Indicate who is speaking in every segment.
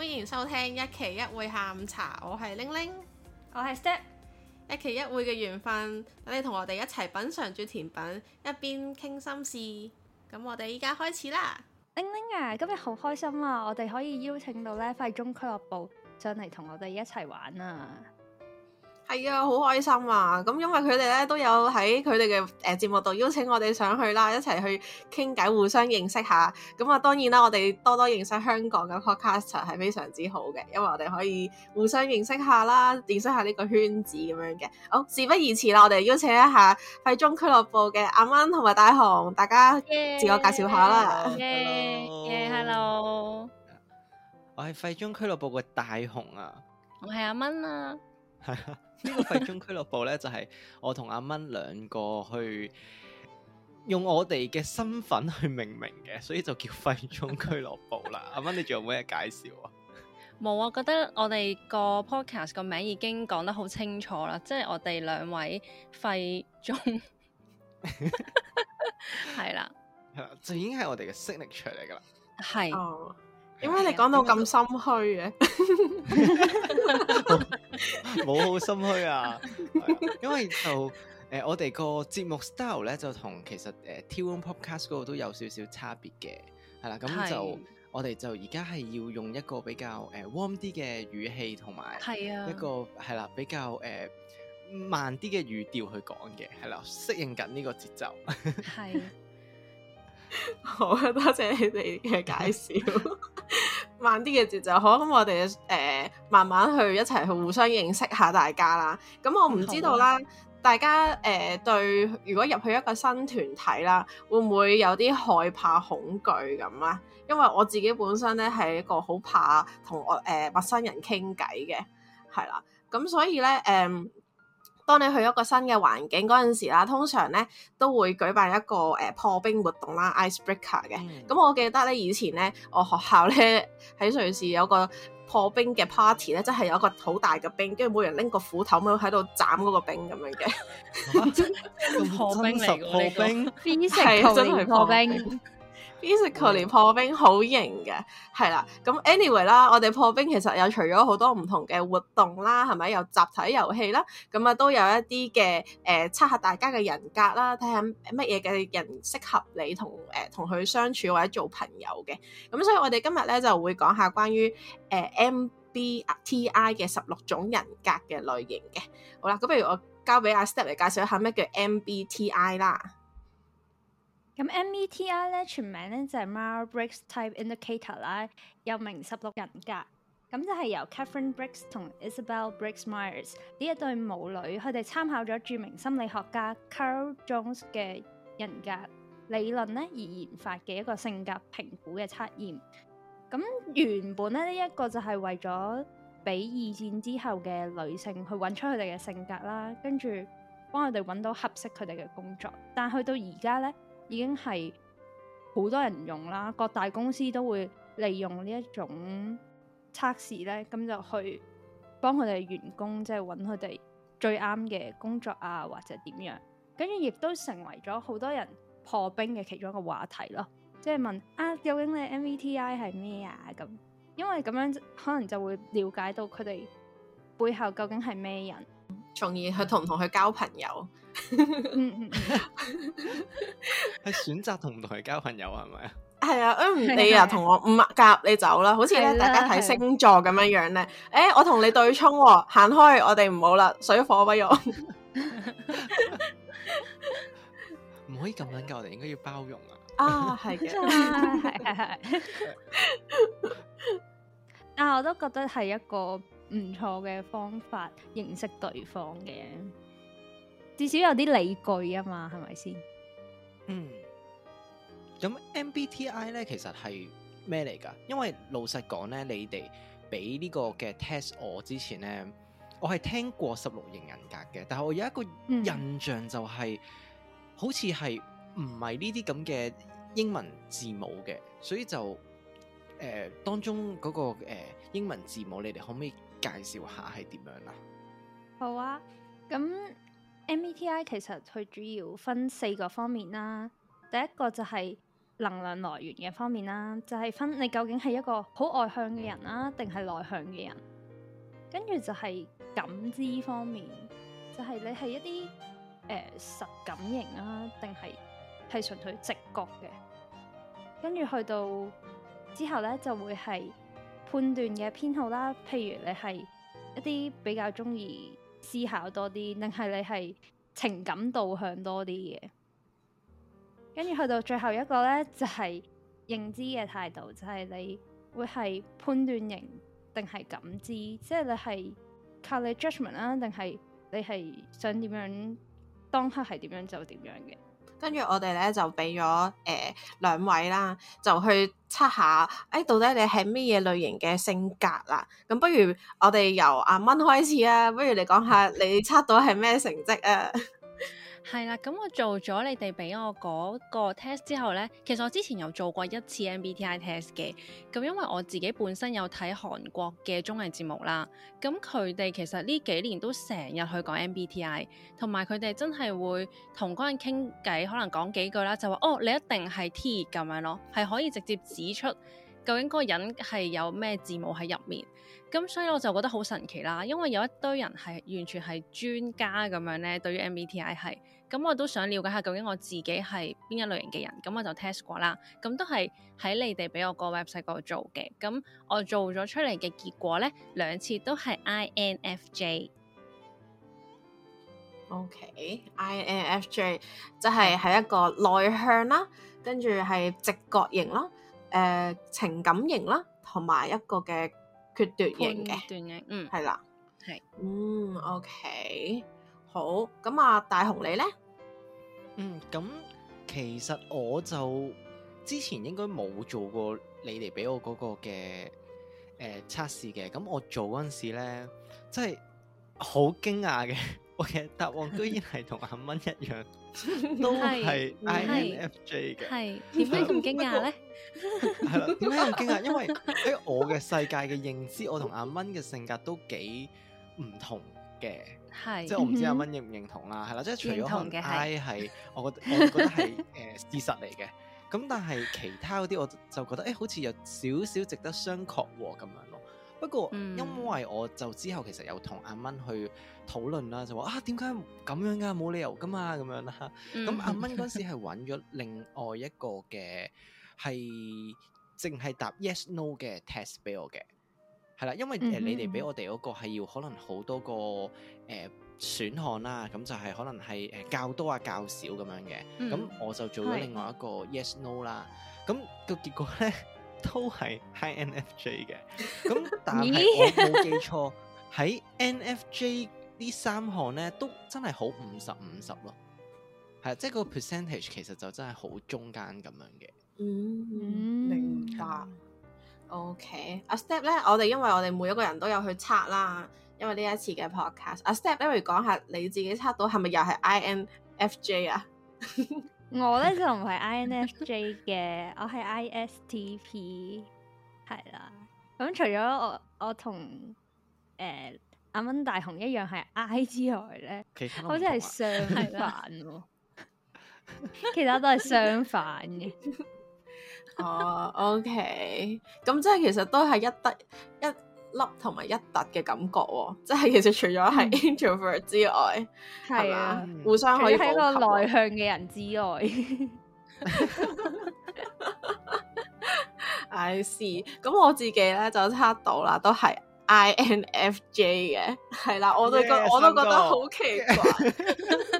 Speaker 1: 歡迎收聽一期一會下午茶，我係玲玲，我係 Step，一期一會嘅緣分，等你同我哋一齊品嘗住甜品，一邊傾心事。咁我哋依家開始啦，
Speaker 2: 玲玲啊，今日好開心啊，我哋可以邀請到咧廢中俱樂部，上嚟，同我哋一齊玩啊！係啊，好、
Speaker 1: 哎、開心啊！咁、嗯、因為佢哋咧都有喺佢哋嘅誒節目度邀請我哋上去啦，一齊去傾偈，互相認識下。咁、嗯、啊，當然啦，我哋多多認識香港嘅 podcaster 係非常之好嘅，因為我哋可以互相認識下啦，認識下呢個圈子咁樣嘅。好，事不宜遲啦，我哋邀請一下廢中俱樂部嘅阿蚊同埋大雄，大家
Speaker 3: 自我介紹下啦。Hello，
Speaker 4: 我係廢中俱樂部嘅大雄啊。
Speaker 3: 我係阿蚊啊。
Speaker 4: 係啊，呢 個廢中俱樂部咧就係、是、我同阿蚊兩個去用我哋嘅身份去命名嘅，所以就叫廢中俱樂部啦。 阿蚊你仲有冇咩介紹啊？
Speaker 3: 冇啊，我覺得我哋個 podcast 個名已經講得好清楚啦，即、就、係、是、我哋兩位廢中 了，係啦，
Speaker 4: 係啦，就已經係我哋嘅 signature 嚟噶啦，
Speaker 1: 係是。Oh. 點解 你講到咁心虛嘅？
Speaker 4: 冇 好 心虛啊， 因為就誒、呃，我哋個節目 style 咧就同其實誒 Tea Room、呃、podcast 嗰個都有少少差別嘅，係啦，咁就、啊、我哋就而家係要用一個比較誒 warm 啲嘅語氣，同埋一個係啦、啊啊、比較誒、呃、慢啲嘅語調去講嘅，係啦，適應緊呢個節奏。係、 啊。好啊，多謝你哋嘅介紹。解釋 慢啲嘅節
Speaker 1: 奏，好，咁我哋誒、呃、慢慢去一齊去互相認識下大家啦。咁我唔知道啦，大家誒、呃、對如果入去一個新團體啦，會唔會有啲害怕、恐懼咁咧？因為我自己本身咧係一個好怕同我誒、呃、陌生人傾偈嘅，係啦。咁所以咧誒。呃當你去一個新嘅環境嗰陣時啦，通常咧都會舉辦一個誒、呃、破冰活動啦，ice breaker 嘅。咁、嗯嗯、我記得咧，以前咧我學校咧喺瑞士有個破冰嘅 party 咧，即係有一個好大嘅冰，跟住每人拎個斧頭咁樣喺度斬嗰個冰咁樣嘅。 啊、破冰嚟嘅 破冰，係 真係破冰。破冰。basically 破冰好型嘅，係啦。咁 anyway 啦，我哋破冰其實有除咗好多唔同嘅活動啦，係咪？有集體遊戲啦，咁啊都有一啲嘅，誒、呃，測合大家嘅人格啦，睇下乜嘢嘅人適合你同，誒、呃，同佢相處或者做朋友嘅。咁所以我哋今日咧就會講下關於，誒、呃、，MBTI 嘅十六種人格嘅類型嘅。好啦，咁不如我交俾阿 Step 嚟介紹一下咩叫 MBTI 啦。
Speaker 2: 咁 MBTI 咧全名咧就係、是、Myers Briggs Type Indicator 啦，又名十六人格。咁就係由 Catherine Briggs 同 Isabel Briggs Myers 呢一對母女，佢哋參考咗著名心理學家 Carl Jones 嘅人格理論咧而研發嘅一個性格評估嘅測驗。咁、嗯、原本咧呢一、這個就係為咗俾二戰之後嘅女性去揾出佢哋嘅性格啦，跟住幫佢哋揾到合適佢哋嘅工作。但去到而家咧。已經係好多人用啦，各大公司都會利用呢一種測試咧，咁就去幫佢哋員工即係揾佢哋最啱嘅工作啊，或者點樣，跟住亦都成為咗好多人破冰嘅其中一個話題咯。即係問啊，究竟你 MBTI 係咩啊？咁因為咁樣可能就會了解到佢哋背後究竟係咩人，
Speaker 1: 從而去同唔同佢交朋友。
Speaker 4: 係選擇同唔同人交朋友係咪
Speaker 1: 啊？係啊，嗯，你又、啊、同我唔夾，嗯、你走啦。好似咧，啊、大家睇星座咁樣樣咧。誒、欸，我同你對沖、哦，行開，我哋唔好啦，水火不容。
Speaker 4: 唔 可以咁諗，我哋應該要包容啊。啊，係嘅，係係係。
Speaker 2: 但我都覺得係一個唔錯嘅方法認識，識對方嘅。至少有啲理據啊嘛，係咪先？嗯，
Speaker 4: 咁 MBTI 咧，其實係咩嚟噶？因為老實講咧，你哋俾呢個嘅 test 我之前咧，我係聽過十六型人格嘅，但係我有一個印象，就係好似係唔係呢啲咁嘅英文字母嘅，所以就誒當中嗰個誒英文字母，你哋可唔可以介紹下係點樣啊？
Speaker 2: 好啊，咁。MBTI 其實佢主要分四個方面啦，第一個就係能量來源嘅方面啦，就係、是、分你究竟係一個好外向嘅人啦、啊，定係內向嘅人，跟住就係感知方面，就係、是、你係一啲誒、呃、實感型啊，定係係純粹直覺嘅，跟住去到之後呢，就會係判斷嘅偏好啦，譬如你係一啲比較中意。思考多啲，定係你係情感導向多啲嘅，跟住去到最後一個咧，就係認知嘅態度，就係你會係判斷型，定係感知，即係你係靠你 judgment 啦定係你係想點樣，當刻係點樣就點樣嘅。
Speaker 1: 跟住我哋咧就畀咗誒兩位啦，就去測下，誒、哎、到底你係乜嘢類型嘅性格啦？咁不如我哋由阿蚊開始啊，不如你講下你測到係咩成績啊？
Speaker 3: 係啦，咁我做咗你哋俾我嗰個 test 之後呢，其實我之前有做過一次 MBTI test 嘅。咁因為我自己本身有睇韓國嘅綜藝節目啦，咁佢哋其實呢幾年都成日去講 MBTI，同埋佢哋真係會同嗰人傾偈，可能講幾句啦，就話哦，你一定係 T 咁樣咯，係可以直接指出究竟嗰人係有咩字母喺入面。咁所以我就覺得好神奇啦，因為有一堆人係完全係專家咁樣咧，對於 MBTI 係。咁我都想了解下究竟我自己係邊一類型嘅人，咁我就 test 過啦，咁都係喺你哋俾我個 website 度做嘅，咁我做咗出嚟嘅結果咧，兩次都係 INFJ。
Speaker 1: O.K. INFJ 就係係一個內向啦，跟住係直覺型啦，誒、呃、情感型啦，同埋一個嘅決斷型嘅，決斷型，嗯，係啦，係，嗯，O.K. 好，咁啊，大雄你咧？
Speaker 4: 嗯，咁其實我就之前應該冇做過你哋俾我嗰個嘅誒測試嘅。咁我做嗰陣時咧，真係好驚訝嘅。我嘅答案居然係同阿蚊一樣，
Speaker 3: 都係 INFJ 嘅。係點解咁驚
Speaker 4: 訝咧？係啦，點解咁驚訝？因為喺我嘅世界嘅認知，我同阿蚊嘅性格都幾唔同嘅。
Speaker 3: 係， 即係我唔知阿蚊、
Speaker 4: e、認唔認同啦、啊，係啦，即係除咗 I 係， 我覺我覺得係誒、呃、事實嚟嘅，咁但係其他嗰啲我就覺得誒、欸、好似有少少值得商榷咁樣咯。不過因為我就之後其實有同阿蚊去討論啦，就話啊點解咁樣噶、啊，冇理由噶嘛咁樣啦。咁阿蚊嗰時係搵咗另外一個嘅係淨係答 yes no 嘅 test 俾我嘅。係啦，因為誒、mm hmm. 呃、你哋畀我哋嗰個係要可能好多個誒、呃、選項啦，咁就係可能係誒較多啊較少咁樣嘅，咁、mm hmm. 我就做咗另外一個 yes no 啦、mm，咁、hmm. 嗯那個結果咧都係 I n f j 嘅，咁 但係我冇記錯喺 n f j 三項呢三項咧都真係好五十五十咯，係啊，即係個 percentage 其實就真係好中間咁樣嘅，
Speaker 1: 嗯、mm，明白。O K，阿 Step 咧，我哋因為我哋每一個人都有去測啦，因為呢一次嘅 podcast。阿 Step，不如講下你自己測到係咪又係 I N F J 啊？
Speaker 2: 我咧就唔係 I N F J 嘅， 我係 I S T P，係啦。咁除咗我我同誒阿蚊大雄一樣係 I 之外咧，其實好似係相反，其他都係、啊啊、 相反
Speaker 1: 嘅。哦、oh,，OK，咁即係其實都係一突一粒同埋一突嘅感覺，哦，即係其實除咗係 introvert 之外，係啊，互相可以一個內向
Speaker 2: 嘅人之外
Speaker 1: ，I see 咁我自己咧就測到啦，都係 INFJ 嘅，係 啦，啊，我都覺我都覺得好奇怪。Yeah, 上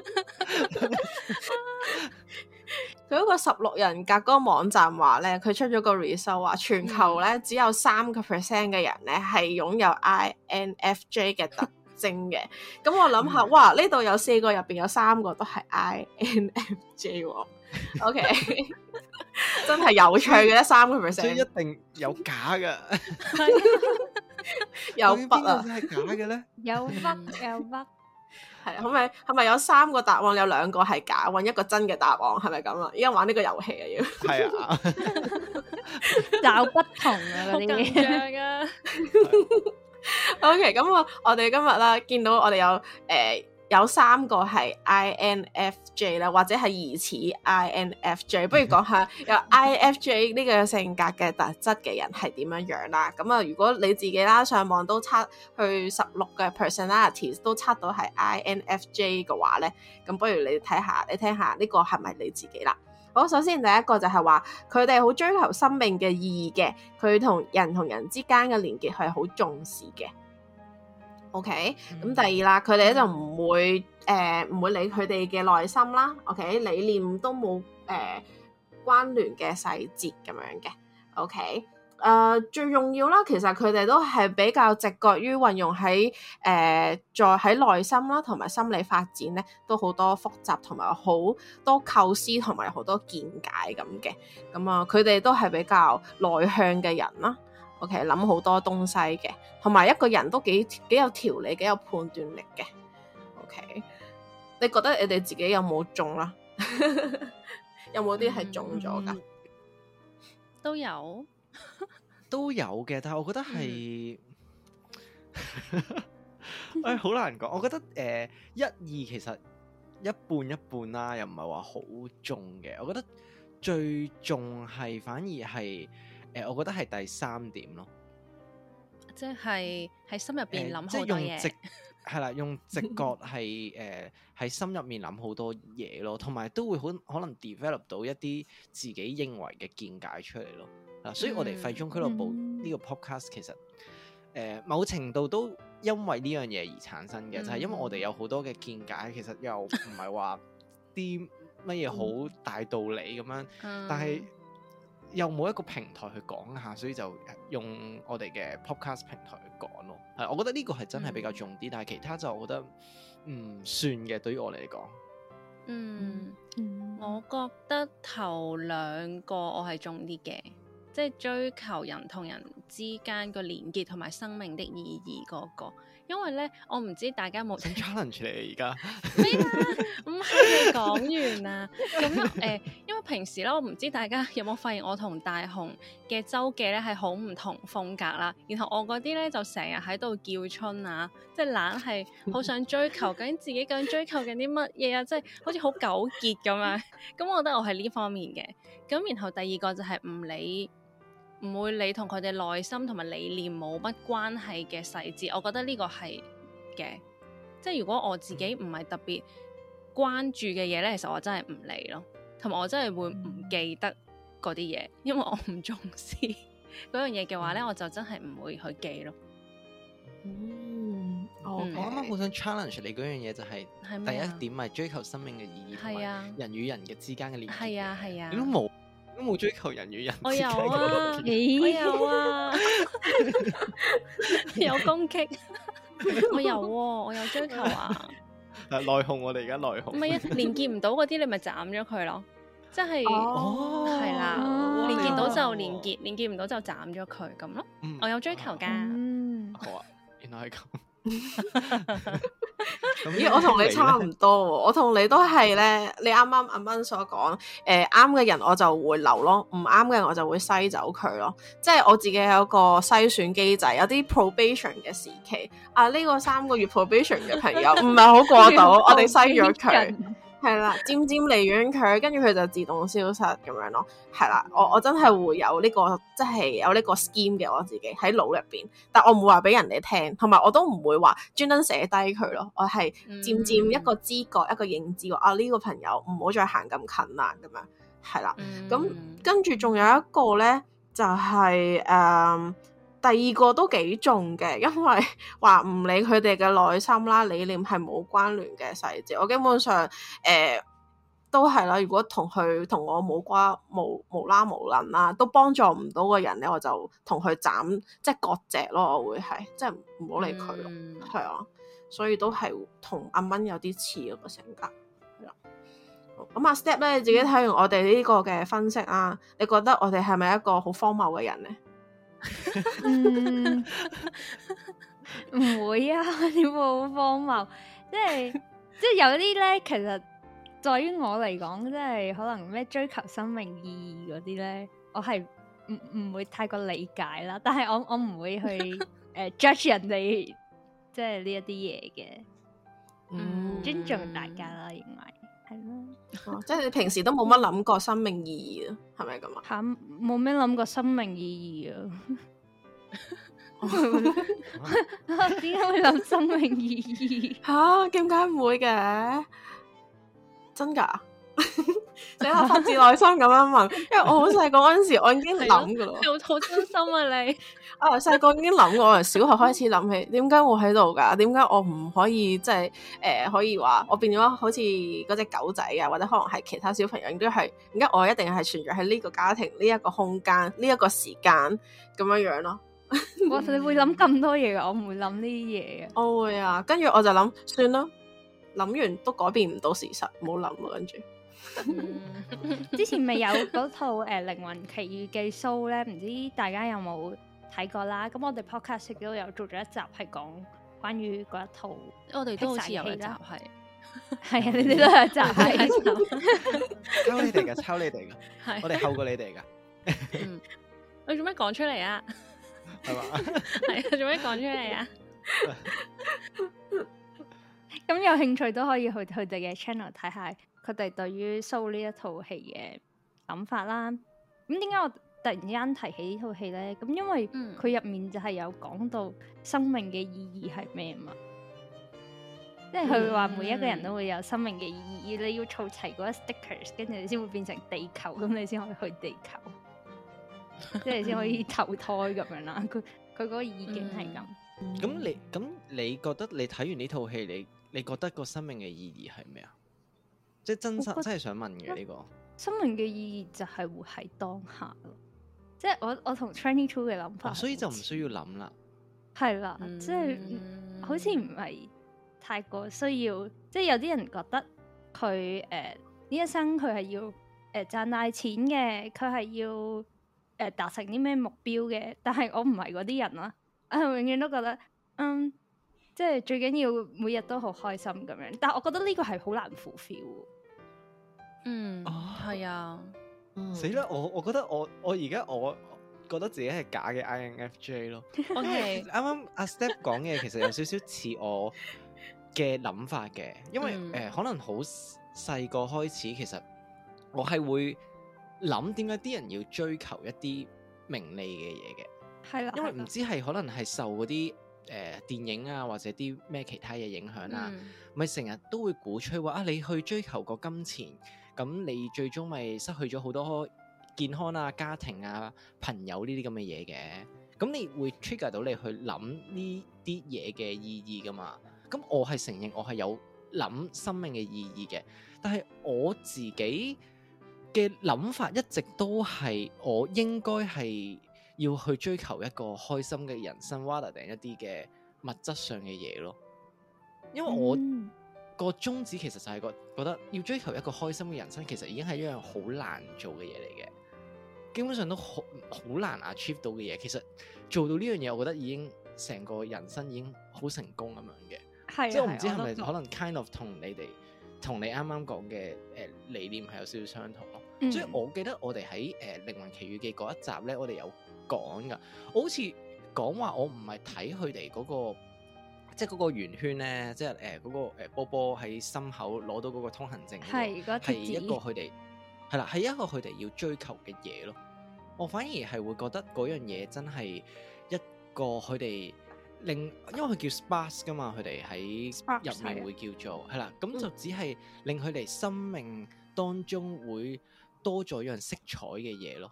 Speaker 1: 十六人格嗰個網站話咧，佢出咗個 research 話，全球咧只有三個 percent 嘅人咧係擁有 INFJ 嘅特徵嘅。咁 我諗下，哇，呢度有四個，入邊有三個都係 INFJ，OK，哦 okay,
Speaker 2: 真係有趣嘅，三個 percent，一定有
Speaker 4: 假噶， 有筆啊？邊度先係假嘅
Speaker 2: 咧？有筆？有筆？係啊，係
Speaker 1: 咪，係咪有三個答案，有兩個係假，搵一個真嘅答案，係咪咁啊？依家玩呢個遊戲啊，要係啊，有不同啊嗰啲啊好緊張啊 OK，咁我我哋今日啦，見到我哋有誒。呃有三個係 INFJ 啦，或者係疑似 INFJ，不如講下有 IFJ 呢個性格嘅特質嘅人係點樣樣啦。咁啊，如果你自己啦，上網都測去十六嘅 personalities 都測到係 INFJ 嘅話咧，咁不如你睇下，你聽下呢個係咪你自己啦。好，首先第一個就係話佢哋好追求生命嘅意義嘅，佢同人同人之間嘅連結係好重視嘅。OK，咁、嗯嗯、第二啦，佢哋咧就唔會誒唔、呃、會理佢哋嘅內心啦。OK，理念都冇誒、呃、關聯嘅細節咁樣嘅。OK，誒、呃、最重要啦，其實佢哋都係比較直覺於運用喺誒在喺內、呃、心啦，同埋心理發展咧都好多複雜同埋好多構思同埋好多見解咁嘅。咁、嗯、啊，佢、呃、哋都係比較內向嘅人啦。OK，諗好多東西嘅，同埋一個人都幾幾有條理，幾有判斷力嘅。OK，你覺得你哋自己有冇中呀？有冇啲係中咗
Speaker 4: 噶？
Speaker 1: 都有，
Speaker 4: 都有嘅。但係我覺得係，唉，好難講。我覺得誒，一二其實一半一半啦，又唔係話好中嘅。我覺得最中係反而係。誒、呃，我覺得係第三點咯，
Speaker 3: 即係喺心入邊諗好多嘢、呃，即係用直、
Speaker 4: 係啦， 用直覺係誒喺心入面諗好多嘢咯，同埋都會好可能 develop 到一啲自己認為嘅見解出嚟咯。嗱，所以我哋廢中俱樂部呢個 podcast、嗯嗯、其實誒、呃、某程度都因為呢樣嘢而產生嘅，嗯、就係因為我哋有好多嘅見解，其實又唔係話啲乜嘢好大道理咁樣，嗯嗯、但係，又冇一個平台去講下，所以就用我哋嘅 podcast 平台去講咯。係，我覺得呢個係真係比較重啲，嗯、但係其他就我覺得唔、嗯、算嘅。對於我嚟講，嗯，
Speaker 3: 我覺得頭兩個我係重啲嘅，即係追求人同人之間個連結同埋生命的意義嗰個。因為咧，我唔知大家冇
Speaker 4: challenge 嚟而家咩
Speaker 3: 啦？唔係講完啊！咁誒、 呃，因為平時咧，我唔知大家有冇發現我同大雄嘅周記咧係好唔同風格啦。然後我嗰啲咧就成日喺度叫春啊，即係懶係好想追求 究竟自己，想追求緊啲乜嘢啊！即係好似好糾結咁樣。咁 我覺得我係呢方面嘅。咁然後第二個就係唔理。唔會理同佢哋內心同埋理念冇乜關係嘅細節，我覺得呢個係嘅。即係如果我自己唔係特別關注嘅嘢咧，其實我真係唔理咯，同埋我真係會唔記得嗰啲嘢，因為我唔重視嗰樣嘢嘅話咧，我就真係唔會去記
Speaker 4: 咯。嗯，我我啱啱好想 challenge 你嗰樣嘢、就係，就係嗎第一點，係追求生命嘅意義，同啊，人與人嘅之間嘅連結。
Speaker 3: 啊，係啊，啊你都
Speaker 4: 冇。都冇追求人與人，我有啊，我有啊，
Speaker 3: 有攻擊，我有，我有追求啊。
Speaker 4: 係內控，我哋而家內控。唔係啊，連結
Speaker 3: 唔到嗰啲，你咪斬咗佢咯。即係，係啦，連結到就連結，連結唔到就斬咗佢咁咯。我有追求噶。嗯，
Speaker 4: 好啊，原來係咁。咦、欸，我同你差唔
Speaker 1: 多，我同你都係咧，你啱啱阿 b 所講，誒、呃，啱嘅人我就會留咯，唔啱嘅人我就會篩走佢咯，即係我自己有一個篩選機制，有啲 probation 嘅時期，啊，呢、這個三個月 probation 嘅朋友唔係好過到， 我哋篩咗佢。 係啦，漸漸離遠佢，跟住佢就自動消失咁樣咯。係啦，我我真係會有呢個，即係有呢個 scheme 嘅我自己喺腦入邊，但我唔會話俾人哋聽，同埋我都唔會話專登寫低佢咯。我係漸漸一個知覺，一個認知，mm hmm. 啊，呢個朋友唔好再行咁近啦咁樣。係啦，咁跟住仲有一個咧，就係誒。呃第二個都幾重嘅，因為話唔理佢哋嘅內心啦、理念係冇關聯嘅細節。我基本上誒、呃、都係啦，如果同佢同我冇瓜冇無啦無楞啦、啊，都幫助唔到個人咧，我就同佢斬即係割席咯。我會係即係唔好理佢咯，係、嗯、啊，所以都係同阿蚊有啲似嘅性格。係啊，咁阿 Step 咧，你自己睇完我哋呢個嘅分析啊，你覺得我哋係咪一個好荒謬嘅人咧？
Speaker 2: 唔會啊，點會好荒謬？即係即係有啲咧，其實對於我嚟講，即係可能咩追求生命意義嗰啲咧，我係唔唔會太過理解啦。但係我我唔會去誒、 uh, judge 人哋，即係呢一啲嘢嘅，嗯、尊重大家啦，認為係咯。即係你平時都冇乜諗過生命意義啊？係咪咁啊？吓，冇咩諗過生命意義啊？點 解 會諗生命意義？吓、啊，點解唔會嘅？
Speaker 1: 真噶？你係發自內心咁樣問， 因為我好細個嗰陣時， 我已經諗噶啦，你好真心啊你。啊！細個、 哦、已經諗過，由小學開始諗起，點解會喺度㗎？點解我唔可以即係誒？可以話我變咗好似嗰隻狗仔啊，或者可能係其他小朋友都係點解我一定係存在喺呢個家庭、呢、這、一個空間、呢、這、一個時間咁樣樣咯
Speaker 2: 你會諗咁多嘢我唔會諗呢啲嘢嘅。 我會啊，
Speaker 1: 跟住我就諗算啦，諗完都改變唔到事實，冇諗咯。跟住、嗯、
Speaker 2: 之前咪有嗰套誒《靈魂奇遇記》show 咧，唔知大家有冇？睇過啦，咁我哋 podcast 亦都有做咗一集係講關於嗰一套，我哋都好似有集係，係啊呢啲都有一集，係抄你哋嘅，
Speaker 4: 抄你哋嘅，係我哋後過你哋嘅，
Speaker 2: 你做咩講出嚟啊？係嘛？
Speaker 4: 係
Speaker 2: 啊，做咩講出嚟啊？咁有興趣都可以去佢哋嘅 channel 睇下，佢哋對於 Soul 呢一套戲嘅諗法啦。咁點解我？突然之間提起呢套戲咧，咁因為佢入面就係有講到生命嘅意義係咩嘛，即係佢話每一個人都會有生命嘅意義，嗯、你要湊齊嗰一 stickers，跟住你先會變成地球，咁你先可以去地球，即係先可以投胎咁樣啦。佢佢嗰個意境係
Speaker 4: 咁。咁、嗯、你咁你覺得你睇完呢套戲，你你覺得個生命嘅意義係咩啊？即係真心真係想問嘅呢那、呢個。
Speaker 2: 生命嘅意義就係活喺當下咯。即係我我同 training two 嘅諗法、啊，所以就唔
Speaker 4: 需要諗啦。
Speaker 2: 係啦的，嗯、即係好似唔係太過需要。即係有啲人覺得佢誒呢一生佢係要誒賺大錢嘅，佢係要誒達、呃、成啲咩目標嘅。但係我唔係嗰啲人啦、啊，我、嗯、永遠都覺得嗯，即係最緊要每日都好開心咁樣。但係我覺得呢個係好難 fulfill。l 嗯，係啊、oh.。
Speaker 4: 死啦！ 我我覺得我我而家我覺得自己係假嘅 INFJ 咯。啱啱 Okay. 阿 Step 講嘢其實有少少似我嘅諗法嘅，因為誒、嗯呃、可能好細個開始其實我係會諗點解啲人要追求一啲名利嘅嘢嘅，係啦， 因為唔知係可能係受嗰啲誒電影啊或者啲咩其他嘢影響啦、啊，咪成日都會鼓吹話啊你去追求個金錢。咁你最終咪失去咗好多健康啊、家庭啊、朋友呢啲咁嘅嘢嘅，咁你會 trigger 到你去諗呢啲嘢嘅意義噶嘛？咁我係承認我係有諗生命嘅意義嘅，但係我自己嘅諗法一直都係我應該係要去追求一個開心嘅人生，rather than 一啲嘅物質上嘅嘢咯，因為我，嗯個宗旨其實就係覺覺得要追求一個開心嘅人生，其實已經係一樣好難做嘅嘢嚟嘅，基本上都好好難 achieve 到嘅嘢。其實做到呢樣嘢，我覺得已經成個人生已經好成功咁樣嘅。
Speaker 2: 是啊、即係我唔知係咪可能
Speaker 4: kind of 同你哋同你啱啱講嘅誒理念係有少少相同咯。嗯、所以我記得我哋喺誒《靈魂奇遇記》嗰一集咧，我哋有講噶，我好似講話我唔係睇佢哋嗰個。即係嗰個圓圈咧，即係誒嗰個誒、呃、波波喺心口攞到嗰個通行證，係一個佢哋係啦，係一個佢哋要追求嘅嘢咯。我反而係會覺得嗰樣嘢真係一個佢哋令，因為佢叫 Spas 噶嘛，佢哋喺入面會叫做係啦，咁 Sparks，係嘅，就只係令佢哋生命當中會多咗一樣色彩嘅嘢咯，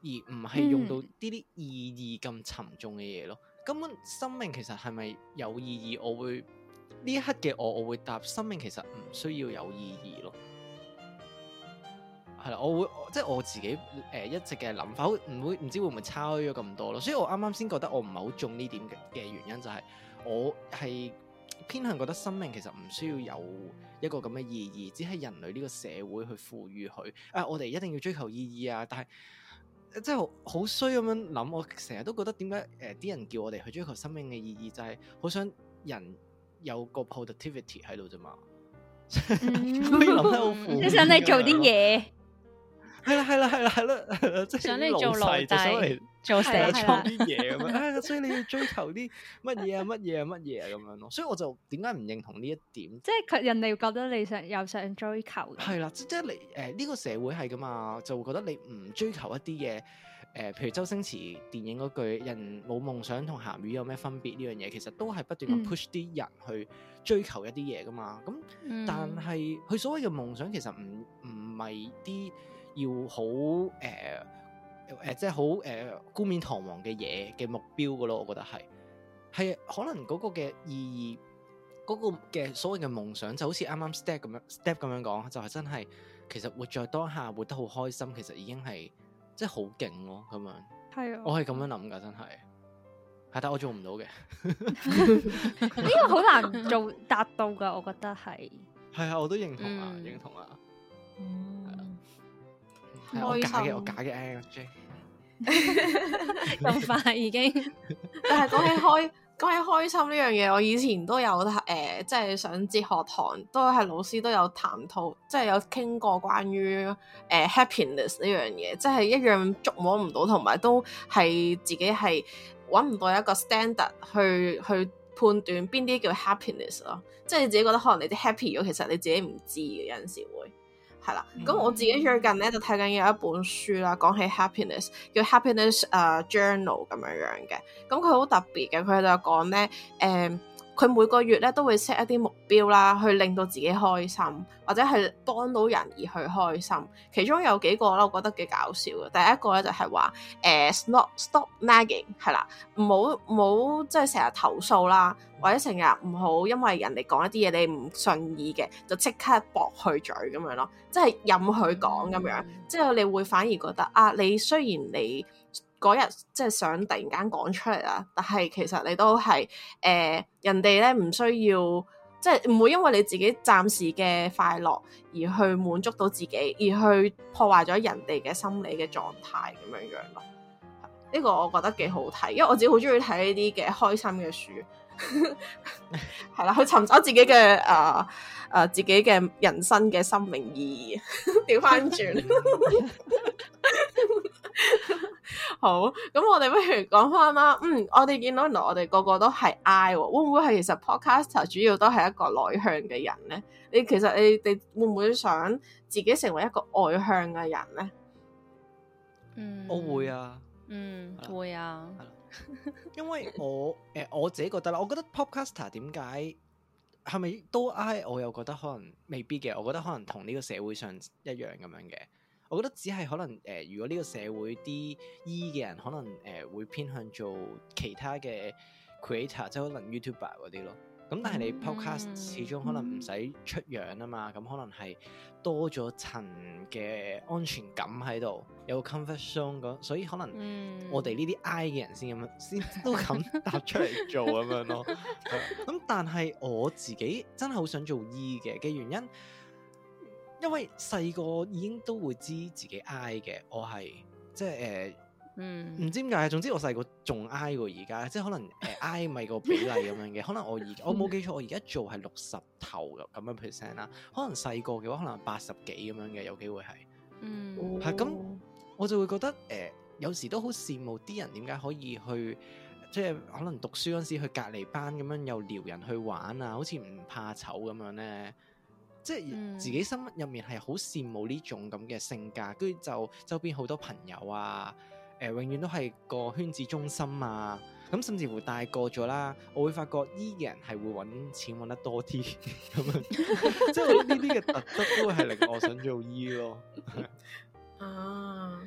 Speaker 4: 而唔係用到呢啲意義咁沉重嘅嘢咯。嗯根本生命其實係咪有意義？我會呢一刻嘅我，我會答生命其實唔需要有意義咯。係啦，我會即係我自己誒、呃、一直嘅諗法，唔會唔知會唔會差咗咁多咯。所以我啱啱先覺得我唔係好中呢點嘅嘅原因，就係，就係我係偏向覺得生命其實唔需要有一個咁嘅意義，只係人類呢個社會去賦予佢啊！我哋一定要追求意義啊！但係即係好，好衰咁樣諗，我成日都覺得點解誒啲人叫我哋去追求生命嘅意義，就係好想人有個 productivity 喺度啫嘛，你以諗得好負，你想你做啲嘢。 係啦，係啦，係 啦樂，係啦，即係啲老細就想嚟做社創啲嘢咁樣，所以你要追求啲乜嘢啊，乜嘢啊，乜嘢啊咁樣咯。所以我就點解唔認同呢一點？即
Speaker 2: 係人哋覺得你想又想追求。係
Speaker 4: 啦、嗯，嗯、即係你誒，呢、呃這個社會係噶嘛，就會覺得你唔追求一啲嘢誒，譬如周星馳電影嗰句人冇夢想同鹹魚有咩分別呢樣嘢，其實都係不斷咁 push 啲人去追求一啲嘢噶嘛。咁、嗯、但係佢所謂嘅夢想，其實唔唔係啲。要好誒誒，即係好誒，冠、呃、冕堂皇嘅嘢嘅目標噶咯，我覺得係係可能嗰個嘅意義，嗰、嗰個嘅所謂嘅夢想，就好似啱啱 step 咁樣，step 咁樣講，就係、係、真係其實活在當下，活得好開心，其實已經係即係好勁咯，咁樣，係啊，我係咁樣諗噶，真係係得，我做唔到嘅，
Speaker 2: 呢 個好難做達到噶，我覺得係
Speaker 4: 係啊，我都認同啊，嗯、認同啊，嗯。開心嘅、哎，我假嘅。哎
Speaker 1: J 咁快已經。但係講起開，講起開心呢樣嘢，我以前都有誒，即、呃、係上哲學堂都係老師都有探討，即係有傾過關於誒、呃、happiness 呢樣嘢，即係一樣捉摸唔到，同埋都係自己係搵唔到一個 standard 去去判斷邊啲叫 happiness 咯。即係你自己覺得可能你啲 happy 咗，其實你自己唔知嘅，有陣時會，有時會。係啦，咁我自己最近咧就睇緊有一本書啦，講起 Happiness 叫 Happiness 誒 Journal 咁樣樣嘅，咁佢好特別嘅，佢就講咧誒。佢每個月咧都會 set 一啲目標啦，去令到自己開心，或者係幫到人而去開心。其中有幾個咧，我覺得幾搞笑嘅。第一個咧就係、是、話，誒、呃、stop stop nagging 係啦，唔好唔好即係成日投訴啦，或者成日唔好因為人哋講一啲嘢你唔順意嘅，就即刻駁佢嘴咁樣咯，即係任佢講咁樣，即係你會反而覺得啊，你雖然你。嗰日即係想突然間講出嚟啦，但係其實你都係誒、呃，人哋咧唔需要，即係唔會因為你自己暫時嘅快樂而去滿足到自己，而去破壞咗人哋嘅心理嘅狀態咁樣樣咯。呢、呢個我覺得幾好睇，因為我自己好中意睇呢啲嘅開心嘅書，係 啦，去尋找自己嘅誒誒，自己嘅人生嘅生命意義，調翻轉。好，咁我哋不如講翻啦。嗯，我哋見到原來我哋個個都係 I，會唔會係其實 podcaster 主要都係一個內向嘅人咧？你其實你哋會唔會想自己成為一個外向嘅人咧？
Speaker 4: 嗯，我會啊，
Speaker 1: 嗯吧會啊，係
Speaker 4: 因為我誒、呃、我自己覺得啦，我覺得 podcaster 點解係咪都 I？我又覺得可能未必嘅，我覺得可能同呢個社會上一樣咁樣嘅。我覺得只係可能誒、呃，如果呢個社會啲 E 嘅人可能誒、呃、會偏向做其他嘅 creator，即係可能 YouTuber 嗰啲咯。咁但係你 podcast 始終可能唔使出樣啊嘛，咁、嗯、可能係多咗層嘅安全感喺度，有 comfort zone 咁，所以可能我哋呢啲 I 嘅人先咁樣，先、嗯、都咁搭出嚟做咁樣咯。咁 但係我自己真係好想做 E 嘅嘅原因。因為細個已經都會知自己 I 嘅，我係即係誒，唔、呃嗯、知點解。總之我細個仲 I 過而家，即係可能誒 I 咪個比例咁樣嘅。可能我而、嗯、我冇記錯，我而家做係六十頭咁樣 percent 啦。可能細個嘅話，可能八十幾咁樣嘅，有機會係，
Speaker 3: 係咁、嗯
Speaker 4: 嗯、我就會覺得誒、呃，有時都好羨慕啲人點解可以去，即係可能讀書嗰時去隔離班咁樣又撩人去玩啊，好似唔怕醜咁樣咧。即係自己心入面係好羨慕呢種咁嘅性格，跟住、嗯、就周邊好多朋友啊，誒、呃、永遠都係個圈子中心啊，咁、嗯、甚至乎大個咗啦，我會發覺 E 嘅人係會揾錢揾得多啲，咁 樣即係呢啲嘅特質都係令我想做 E 咯。 啊，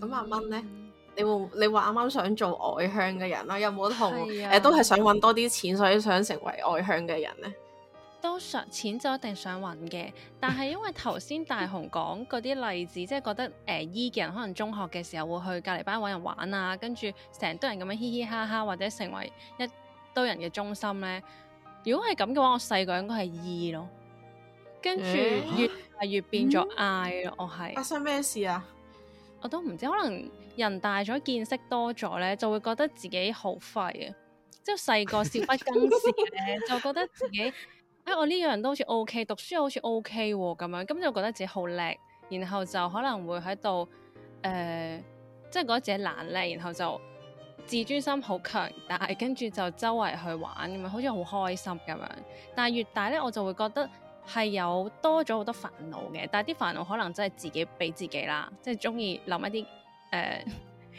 Speaker 1: 咁阿蚊咧，你會你話啱啱想做外向嘅人啦，有冇同誒都係想揾多啲錢，嗯、所以想成為外向嘅人咧？
Speaker 3: 都想錢就一定想揾嘅，但係因為頭先大雄講嗰啲例子， 即係覺得誒 E 嘅人可能中學嘅時候會去隔離班揾人玩啊，跟住成堆人咁樣嘻嘻哈哈，或者成為一堆人嘅中心咧。如果係咁嘅話，我細個應該係 E 咯，跟住越嚟越變咗 I 咯。嗯、我係是發、啊、生咩事啊？我都唔知，可能人大咗見識多咗咧，就會覺得自己好廢啊，即係細個少不更事咧， 就覺得自己。因為我呢個人都好似 O K，讀書好似 O K 喎，咁樣咁就覺得自己好叻，然後就可能會喺度誒，即、呃、係、就是、覺得自己叻叻，然後就自尊心好強大，跟住就周圍去玩咁樣，好似好開心咁樣。但係越大咧，我就會覺得係有多咗好多煩惱嘅，但係啲煩惱可能真係自己俾自己啦，即係中意諗一啲誒、呃、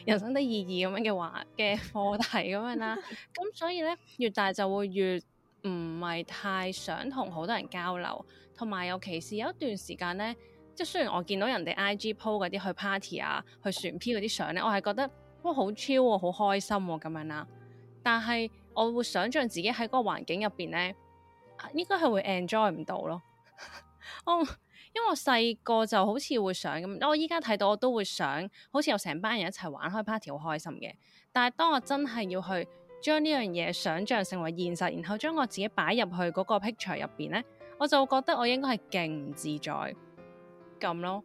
Speaker 3: 人生的意義咁樣嘅話嘅課題咁樣啦。咁、 嗯、所以咧，越大就會越。唔係太想同好多人交流，同埋尤其是有一段時間呢，即係雖然我見到人哋 IG 鋪嗰啲去 party 啊、去船 P 嗰啲相呢，我係覺得都好 chill 喎、好、啊、開心喎、啊、咁樣啦、啊。但係我會想像自己喺嗰個環境入邊呢，應該係會 enjoy 唔到咯。我、 oh, 因為我細個就好似會想咁，我依家睇到我都會想，好似有成班人一齊玩開 party 好開心嘅。但係當我真係要去。將呢樣嘢想象成為現實，然後將我自己擺入去嗰個 picture 入邊咧，我就會覺得我應該係勁唔自在咁咯。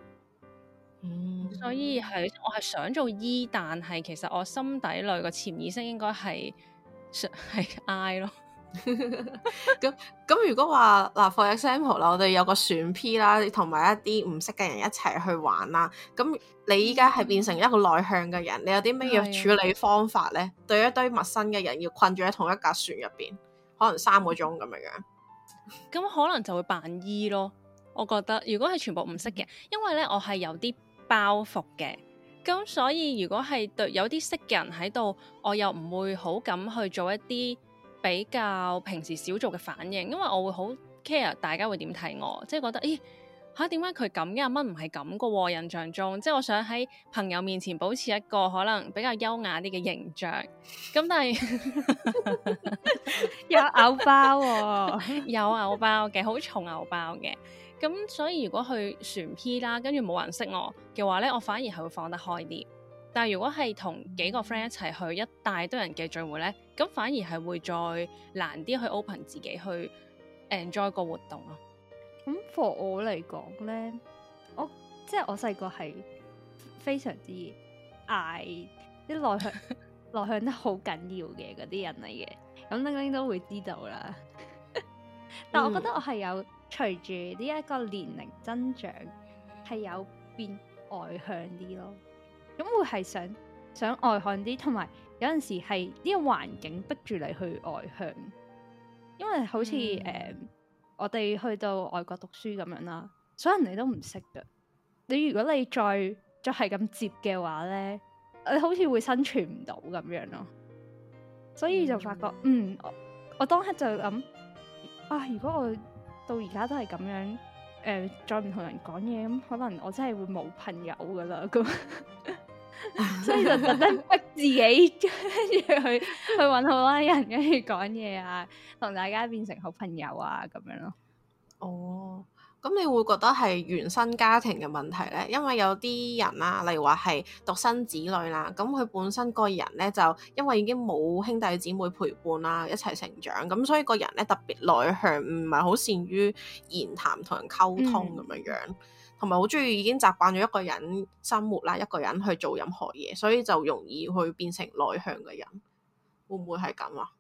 Speaker 3: 嗯，所以係我係想做 E，但係其實我心底裏個潛意識應該係想係 I 咯。
Speaker 1: 咁咁、 嗯，如果話嗱，for example 啦，我哋有個船 P 啦，同埋一啲唔識嘅人一齊去玩啦。咁你依家係變成一個內向嘅人，你有啲咩嘢處理方法咧？的對一堆陌生嘅人要困住喺同一架船入邊，可能三個鐘咁樣。咁可能就會扮 E
Speaker 3: 咯，我覺得。如果係全部唔識嘅，因為咧我係有啲包袱嘅。咁所以如果係對有啲識嘅人喺度，我又唔會好敢去做一啲。比較平時少做嘅反應，因為我會好 care 大家會點睇我，即係覺得，咦、欸，吓點解佢咁嘅？為乜唔係咁嘅喎？印象中，即係我想喺朋友面前保持一個可能比較優雅啲嘅形象，咁但係 有牛包、哦， 有牛包嘅，好重牛包嘅，咁所以如果去船 P 啦，跟住冇人識我嘅話咧，我反而係會放得開啲。但係如果係同幾個 friend 一齊去一大堆人嘅聚會咧，咁反而係會再難啲去 open 自己去 enjoy 個活動咯、啊。
Speaker 2: 咁 for 我嚟講咧，我即係我細個係非常之挨啲內向，內 向得好緊要嘅嗰啲人嚟嘅，咁 ling ling 都會知道啦。 但我覺得我係有隨住呢一個年齡增長，係有變外向啲咯。咁會係想想外向啲，同埋有陣時係呢個環境逼住你去外向，因為好似誒、嗯呃、我哋去到外國讀書咁樣啦，所有人你都唔識㗎。你如果你再再係咁接嘅話咧，你、呃、好似會生存唔到咁樣咯。所以就發覺，嗯，嗯，我我當時就諗，啊，如果我到而家都係咁樣，誒、呃，再唔同人講嘢，咁可能我真係會冇朋友噶啦咁。那個 所以就特登逼自己，跟 住去去搵好多人，跟住講嘢啊，同大家變成好朋友啊，咁樣咯。哦，
Speaker 1: 咁你會覺得係原生家庭嘅問題咧？因為有啲人啦，啊，例如話係獨生子女啦，咁佢本身個人咧就因為已經冇兄弟姊妹陪伴啦，一齊成長，咁所以個人咧特別內向，唔係好善於言談同人溝通咁樣樣。Mm. 同埋好中意，已經習慣咗一個人生活啦，一個人去做任何嘢，所以就容易去變成內向嘅人，會唔會係咁啊？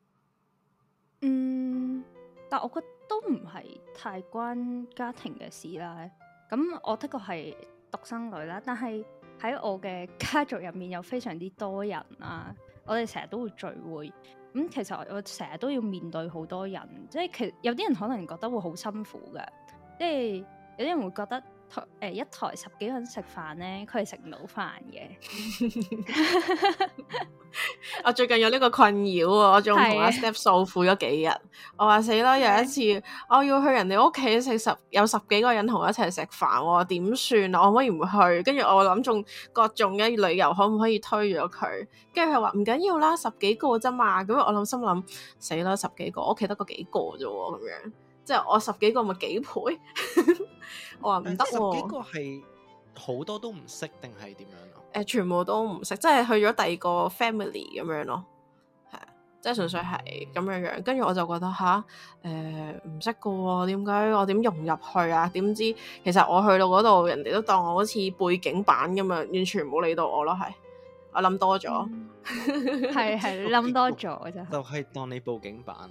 Speaker 1: 嗯，
Speaker 2: 但我覺得都唔係太關家庭嘅事啦。咁我的確係獨生女啦，但係喺我嘅家族入面有非常之多人啊，我哋成日都會聚會。咁其實我成日都要面對好多人，即係其有啲人可能覺得會好辛苦嘅，即係有啲人會覺得。誒，一台十幾個人食飯咧，佢係食唔到飯嘅。
Speaker 1: 我最近有呢個困擾，我仲同阿 Step 訴苦咗幾日。我話死啦，有一次我、哦、要去人哋屋企食十有十幾個人同我一齊食飯，點算啊？我可唔可以唔去？跟住我諗，仲各種嘅理由可唔可以推咗佢？跟住佢話唔緊要啦，十幾個啫嘛。咁我諗心諗，
Speaker 4: 死啦，十幾個，我屋企得個幾個啫，咁樣
Speaker 1: 即係我十幾個咪幾倍。
Speaker 4: 我話唔得喎，十幾個係好多都唔識定係點樣
Speaker 1: 咯？誒、呃，全部都唔識，即係去咗第二個 family 咁樣咯、啊，即係純粹係咁樣樣。跟住我就覺得吓，誒唔識噶，點、呃、解、啊、我點融入去啊？點知其實我去到嗰度，人哋都當我好似背景板咁樣，完全冇理到我咯，係。我諗多咗、嗯，
Speaker 2: 係係諗多咗真
Speaker 4: 警就係當你報警版啊，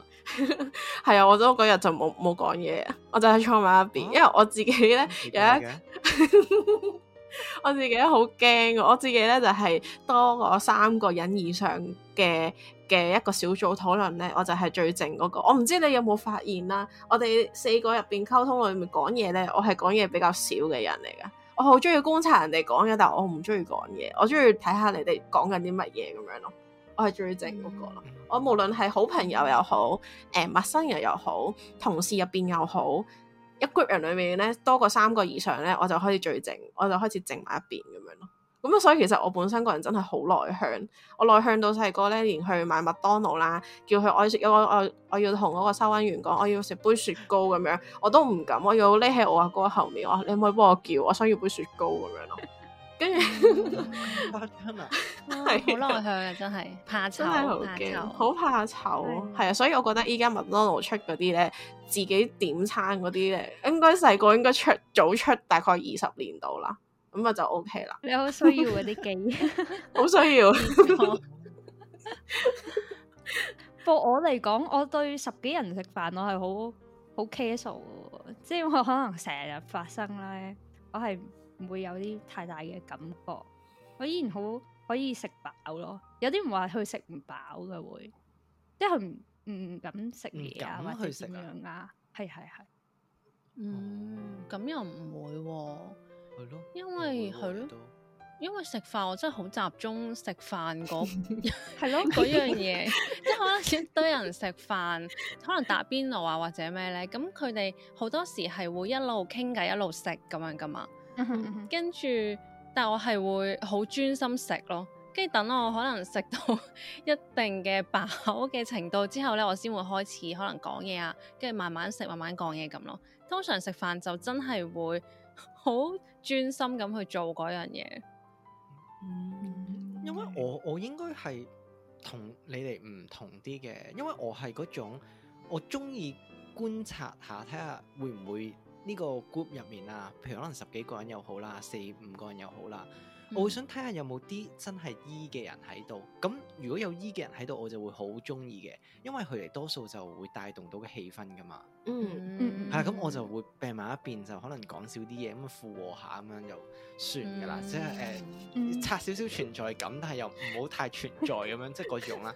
Speaker 1: 係 啊，我都嗰日就冇冇講嘢啊，我就喺坐埋一邊，啊、因為我自己咧有一呢 我，我自己好驚，就係、我自己咧就係多過三個人以上嘅嘅一個小組討論咧，我就係最靜嗰、嗰個。我唔知你有冇發現啦、啊，我哋四個入邊溝通裏面講嘢咧，我係講嘢比較少嘅人嚟噶。我好中意觀察人哋講嘢，但我唔中意講嘢。我中意睇下你哋講緊啲乜嘢咁樣咯。我係最靜嗰個咯。我無論係好朋友又好，誒、欸，陌生人又好，同事入邊又好，一 group 人裏面咧多過三個以上咧，我就開始最靜，我就開始靜埋一邊咁樣咯。咁所以其實我本身個人真係好內向，我內向到細個咧，連去買麥當勞啦，叫佢我食，我我我要同嗰個收銀員講，我要食杯雪糕咁樣，我都唔敢，我要匿喺我阿哥後面，我你可唔可以幫我叫，我想要杯雪糕咁樣咯？跟
Speaker 3: 住係好內向啊，真係怕醜，真係好驚，
Speaker 1: 好怕醜，係啊，所以我覺得依家麥當勞出嗰啲咧，自己點餐嗰啲咧，應該細個應該出早出大概二十年度啦。咁啊就 OK 啦。
Speaker 2: 你好需要嗰啲記憶，好 需要。不過 我嚟講，我對十幾人食飯我係好好 casual，即係我可能成日發生咧，我係唔會有啲太大嘅感覺。我依然好可以食飽咯，有啲人話佢食唔飽嘅會，即係唔唔敢食嘢啊，去啊或者點樣啊，係係係。嗯，
Speaker 3: 咁、嗯、又唔會、啊。係 咯，因為係 咯，因為食飯我真係好集中食飯嗰，係咯嗰樣嘢，即係可能一堆人食飯，可能打邊爐啊或者咩咧，咁佢哋好多時係會一路傾偈一路食咁樣噶嘛，跟住、 嗯，但係我係會好專心食咯，跟住等我可能食到一定嘅飽嘅程度之後咧，我先會開始可能講嘢啊，跟住慢慢食慢慢講嘢咁咯，通常食飯就真係會。好專心咁去做嗰樣嘢，
Speaker 4: 因為我我應該係同你哋唔同啲嘅，因為我係嗰種我中意觀察下，睇下會唔會呢個 group 入面啊，譬如可能十幾個人又好啦，四五個人又好啦。我會想睇下有冇啲真係 E 嘅人喺度，咁如果有醫、e、嘅人喺度，我就會好鍾意嘅，因為佢哋多數就會帶動到個氣氛噶嘛。
Speaker 3: 嗯嗯、mm, 嗯，係啊、嗯，咁我
Speaker 4: 就會病埋一邊，就可能講少啲嘢，咁附和下咁樣就算噶啦，嗯、即係誒，刷、呃嗯、少少存在感，但係又唔好太存在咁樣， 即係嗰種啦。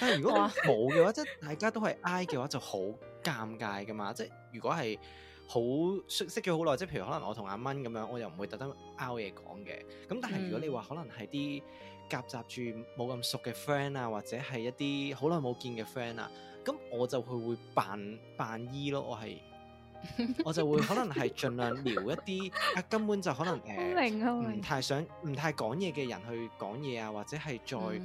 Speaker 4: 但係如果冇嘅話， 即係大家都係 I 嘅話，就好尷尬噶嘛。即係如果係。好熟悉咗好耐，即係譬如可能我同阿蚊咁樣，我又唔會特登拗嘢講嘅。咁但係如果你話可能係啲夾雜住冇咁熟嘅 friend 啊，或者係一啲好耐冇見嘅 friend 啊，咁我就會會扮扮醫咯。我係，我就會可能係盡量聊一啲啊 根本就可能誒，唔、 呃、太想唔太講嘢嘅人去講嘢啊，或者係再誒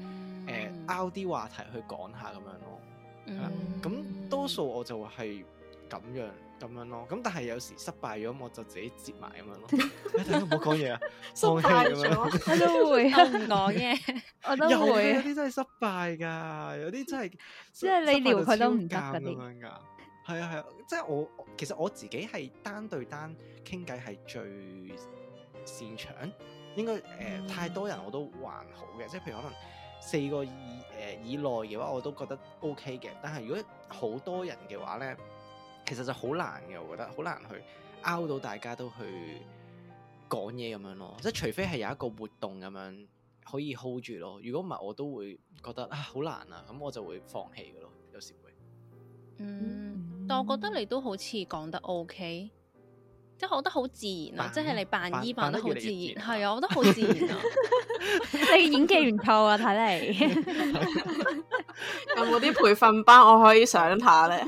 Speaker 4: 拗啲話題去講下咁樣咯。咁、嗯嗯、多數我就係咁樣。咁樣咯，咁但係有時失敗咗，我就自己接埋咁樣咯。你睇下，唔好講嘢啊！ 喪咁樣， 我都會講嘢， 都 我都會有。有啲真係失敗噶，有啲真係，即係 你撩佢都唔夾咁樣噶。係啊係啊，即係、就是、我其實我自己係單對單傾偈係最擅長，應該誒、呃、太多人我都還好嘅，即係譬如可能四個以誒、呃、以內嘅話，我都覺得 O K 嘅。但係如果好多人嘅話咧。呢呢呢其實就好難嘅，我覺得好難去拗到大家都去講嘢咁樣咯，即係除非係有一個活動咁樣可以 hold 住咯，如果唔係我都會覺得啊好難啊，咁我就會放棄嘅咯，有時會。嗯，
Speaker 3: 但我覺得你都好似講得 OK。即係我覺得好自然啊，即係你扮醫扮得好自然，係啊，我覺得好自
Speaker 1: 然啊。你演技唔錯啊，睇嚟。
Speaker 3: 有冇啲培
Speaker 1: 訓班我可以上下咧？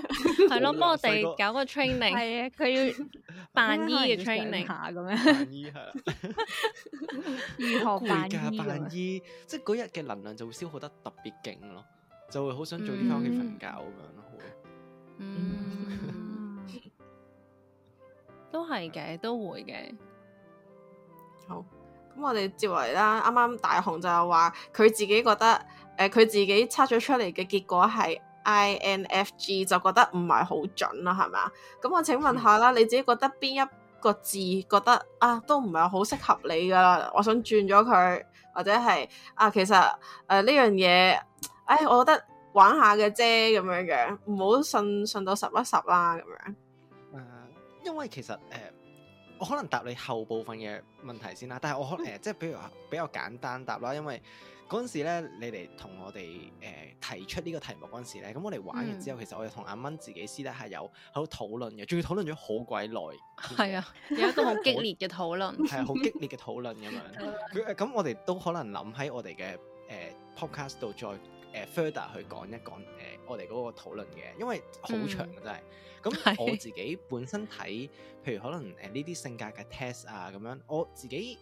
Speaker 1: 係咯，幫我哋搞
Speaker 3: 個 training。係啊，佢要扮
Speaker 2: 醫嘅 training 下咁
Speaker 4: 樣。扮醫係。如何扮醫？扮醫，即係嗰日嘅能量就會消耗得特別勁咯，就會好想早啲返屋企瞓覺咁樣咯。嗯。
Speaker 3: 都
Speaker 1: 係嘅，都會嘅。好，咁我哋接嚟啦。啱啱大雄就係話佢自己覺得，誒、呃，佢自己測咗出嚟嘅結果係 INFJ，就覺得唔係好準啦，係咪？咁我請問下啦，嗯、你自己覺得邊一個字覺得啊，都唔係好適合你噶？我想轉咗佢，或者係啊，其實誒呢、呃、樣嘢，誒、哎，我覺得玩下嘅啫，咁樣樣，唔好信信到十一十啦，咁樣。
Speaker 4: 因為其實誒、呃，我可能答你後部分嘅問題先啦。但係我可能誒、呃，即係比如話比較簡單答啦。因為嗰陣時咧，你哋同我哋誒、呃、提出呢個題目嗰陣時咧，咁我哋玩完之後，嗯、其實我哋同阿蚊自己私底下有喺度討論嘅，仲要討論咗好鬼耐。係啊，
Speaker 3: 有一個好激烈嘅討論，係好、 啊、激
Speaker 4: 烈嘅討論咁樣。佢誒，咁我哋都可能諗喺我哋嘅誒 podcast 度再。further 去講一講誒、呃、我哋嗰個討論嘅，因為好長嘅真係。咁、嗯、我自己本身睇，譬如可能誒呢啲性格嘅 test 啊咁樣，我自己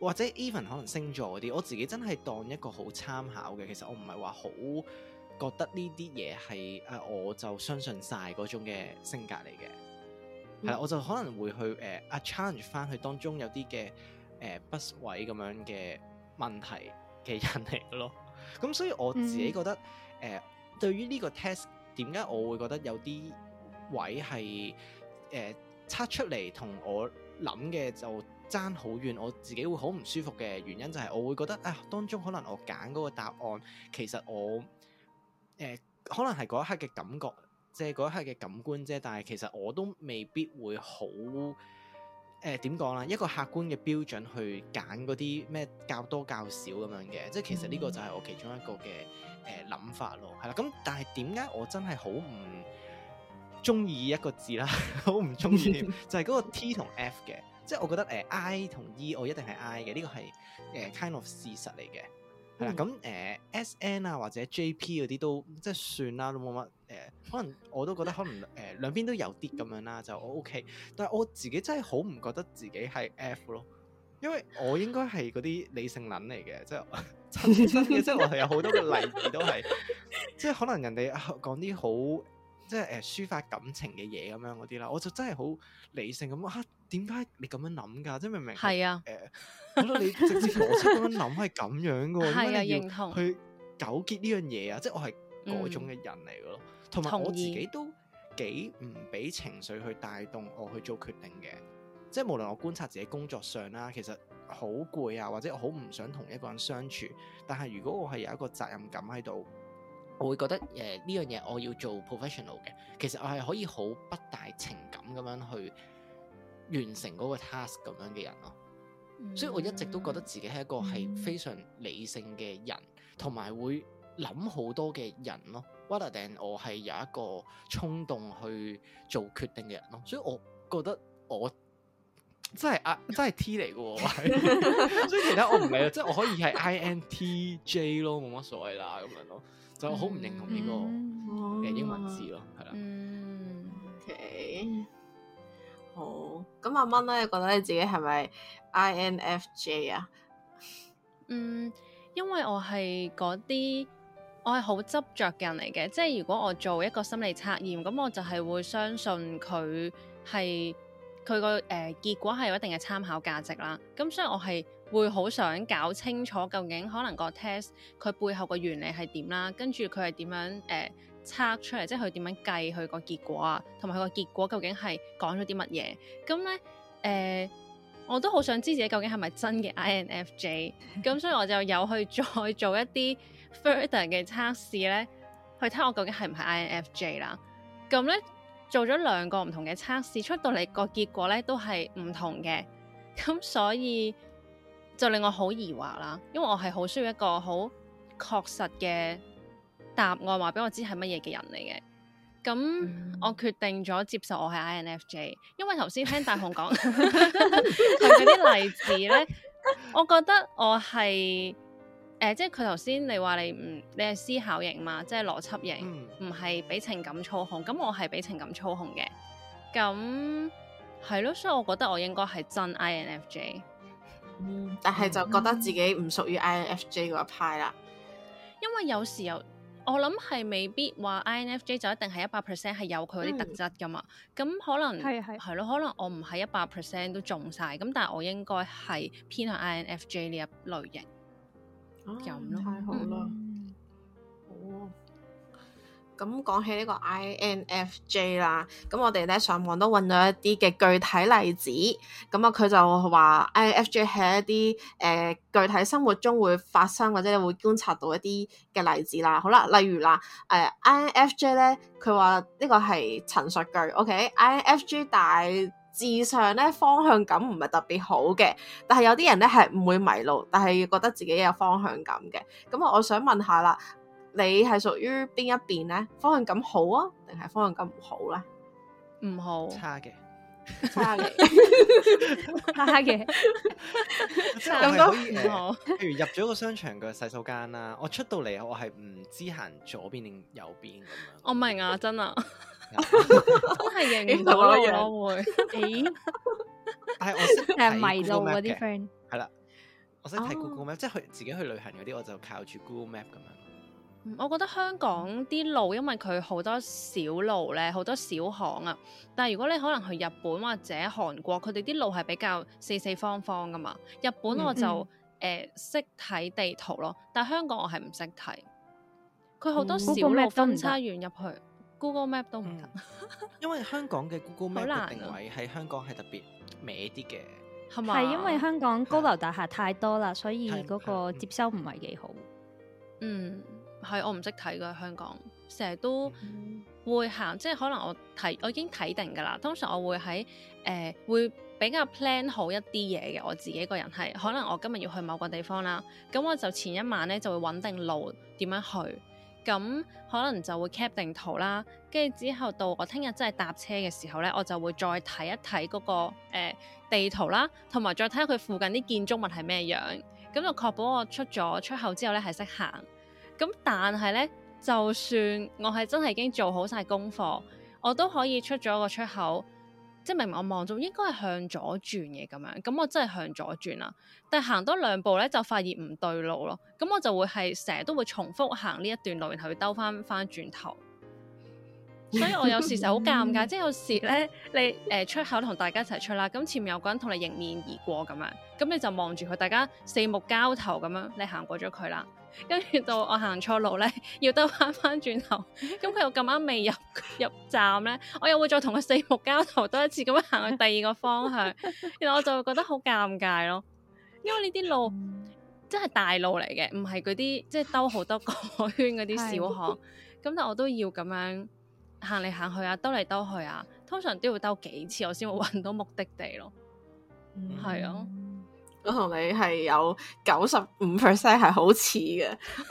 Speaker 4: 或者 even 可能星座嗰啲，我自己真係當一個好參考嘅。其實我唔係話好覺得呢啲嘢係啊，我就相信晒嗰種嘅性格嚟嘅。係、嗯、我就可能會去誒、呃、challenge 翻佢當中有啲嘅誒不位咁樣嘅問題嘅人嚟嘅咯。咁所以我自己覺得，誒、嗯呃、對於呢個 test 點解我會覺得有啲位係誒測出嚟同我諗嘅就爭好遠，我自己會好唔舒服嘅原因就係我會覺得啊、呃，當中可能我揀嗰個答案其實我誒、呃、可能係嗰一刻嘅感覺，即係嗰一刻嘅感官啫。但係其實我都未必會好。誒點講啦，一個客觀嘅標準去揀嗰啲咩較多較少咁樣嘅，即係其實呢個就係我其中一個嘅誒諗法咯，係啦。咁但係點解我真係好唔中意一個字啦？好唔中意就係、是、嗰個 T 同 F 嘅，即係我覺得誒、呃、I 同 E 我一定係 I 嘅，呢、這個係誒、呃、kind of 事實嚟嘅，係、嗯、啦。咁、呃、誒 S N 啊或者 J P 嗰啲都即係算啦，都冇乜。誒，可能我都覺得可能誒，呃、兩邊都有啲咁樣啦，就 OK。但係我自己真係好唔覺得自己係 F 咯，因為我應該係嗰啲理性諗嚟嘅，即係真嘅，即係 我係有好多嘅例子都係，即係可能人哋講啲好，即係誒抒發感情嘅嘢咁樣嗰啲啦，我就真係好理性咁啊，點解你咁樣諗噶？即係明唔明？係啊，誒、呃，我覺得你直接邏輯咁諗係咁樣噶，係又認同去糾結呢樣嘢啊？ 嗯、即係我係嗰種嘅人嚟嘅咯。同埋我自己都幾唔俾情緒去帶動我去做決定嘅，嗯、即係無論我觀察自己工作上啦，其實好攰啊，或者我好唔想同一個人相處，但係如果我係有一個責任感喺度，我會覺得誒呢樣嘢我要做 professional 嘅，其實我係可以好不帶情感咁樣去完成嗰個 task 咁樣嘅人咯，
Speaker 1: 所以我一直都覺得
Speaker 4: 自己係一個係非常理性嘅人，同埋會。諗好多嘅人咯，rather than 我係有一個衝動去做決定嘅人咯，所以我覺得我真係啊真係 T 嚟嘅，哦， 所以其他我唔理啦，即係 我可以係 INTJ 咯，冇乜所謂啦咁樣咯，就好唔認同呢個
Speaker 1: 嘅英文字咯，係啦，嗯的嗯、OK 好，咁阿蚊咧你覺得你自己係咪 INFJ 啊？嗯，
Speaker 3: 因為我係嗰啲。我係好執著嘅人嚟嘅，即係如果我做一個心理測驗，咁我就係會相信佢係佢個誒結果係有一定嘅參考價值啦。咁所以，我係會好想搞清楚究竟可能個 test 佢背後個原理係點啦，跟住佢係點樣誒、呃、測出嚟，即係佢點樣計佢個結果啊，同埋佢個結果究竟係講咗啲乜嘢？咁咧誒，我都好想知自己究竟係咪真嘅 INFJ，咁所以我就有去再做一啲。Further 嘅測試咧，去睇我究竟係唔係 INFJ 啦。咁咧做咗兩個唔同嘅測試，出到嚟個結果咧都係唔同嘅。咁所以就令我好疑惑啦，因為我係好需要一個好確實嘅答案，話俾我知係乜嘢嘅人嚟嘅。咁我決定咗接受我係 INFJ，因為頭先聽大雄講佢嗰啲例子咧，我覺得我係。誒、呃，即係佢頭先你話你唔、嗯，你係思考型嘛，即係邏輯型，唔係俾情感操控。咁我係俾情感操控嘅，咁係咯。所以我覺得我應該係真 INFJ，嗯、但係就覺得自己唔屬於
Speaker 1: INFJ 嗰一派啦。嗯、
Speaker 3: 因為有時候我諗係未必話 INFJ 就一定係一百 percent 係有佢嗰啲特質㗎嘛。咁、嗯、可能係係咯，可能我唔係一百 percent 都中晒。咁但係我應該係偏向 INFJ 呢一類型。
Speaker 1: 又唔太好啦，嗯、yo, so, okay, like, so, like, 好。咁講起呢個 INFJ 啦，咁我哋咧上網都搵到一啲嘅具體例子。咁啊，佢就話 INFJ 係一啲誒具體生活中會發生或者會觀察到一啲嘅例子啦。好啦，例如啦，誒 INFJ 咧，佢話呢個係陳述句，OK？INFJ 大。自上咧方向感唔係特別好嘅，但係有啲人咧係唔會迷路，但係覺得自己有方向感嘅。咁啊，我想問下啦，你係屬於邊一邊咧？方向感好啊，定係方向感唔好咧？唔好，差嘅，差
Speaker 4: 嘅，差嘅，差咁多。譬如入咗個商場嘅洗手間啦，我出到嚟我係唔知行左邊定右邊咁樣。
Speaker 3: 我明啊，真啊。 真係認唔到咯，會
Speaker 4: 係我識睇迷路嗰啲 friend。係啦，我識睇 Google Map，即係去自己去旅行嗰啲，我就靠住 Google Map 咁樣。嗯，
Speaker 3: 我覺得香港啲路，因為佢好多小路咧，好多小巷啊。但係如果你可能去日本或者韓國，佢哋啲路係比較四四方方噶嘛。日本我就誒識睇地圖咯，但係香港我係唔識睇。佢好多小路分叉，遠入去。
Speaker 2: Google Map 都唔得，
Speaker 4: 因為香港嘅 Google Map 個 難、啊、定位喺香港係特別歪啲嘅，係吧因為
Speaker 2: 香港高樓大廈太多啦，所以嗰個接收唔係幾好。嗯，係我唔識睇噶香港，成日都
Speaker 3: 會行，即係可能我睇我已經睇定噶啦。通常我會喺誒、呃、會比較 plan 好一啲嘢嘅，我自己個人係可能我今日要去某個地方啦，咁我就前一晚咧就會搵定路點樣去。咁可能就會 cap 定圖啦，跟住之後到我聽日真係搭車嘅時候咧，我就會再睇一睇嗰個、呃、地圖啦，同埋再睇下佢附近啲建築物係咩樣，咁就確保我出咗出口之後咧係識行。咁但係咧，就算我係真係已經做好晒功課，我都可以出咗個出口。即係明明我望住應該係向左轉嘅咁樣，咁我真係向左轉啦。但係行多兩步咧，就發現唔對路咯。咁我就會係成日都會重複行呢一段路，然後要兜翻翻轉頭。
Speaker 4: 所以我有時
Speaker 3: 就好尷尬， 即係有時咧，你誒、呃、出口同大家一齊出啦，咁前面有個人同你迎面而過咁樣，咁你就望住佢，大家四目交投咁樣，你行過咗佢啦。跟住到我行錯路咧，要兜翻翻轉頭，咁佢又咁啱未入入站咧，我又會再同佢四目交頭多一次，咁樣行去第二個方向， 然後我就會覺得好尷尬咯，因為呢啲路真係大路嚟嘅，唔係嗰啲即係兜好多個圈嗰啲小巷，咁 但我都要咁樣行嚟行去啊，兜嚟兜去啊，通常都要兜幾次我先會揾到目的地咯，
Speaker 1: 係、嗯、啊。我同你係有九十五 percent 係好似嘅，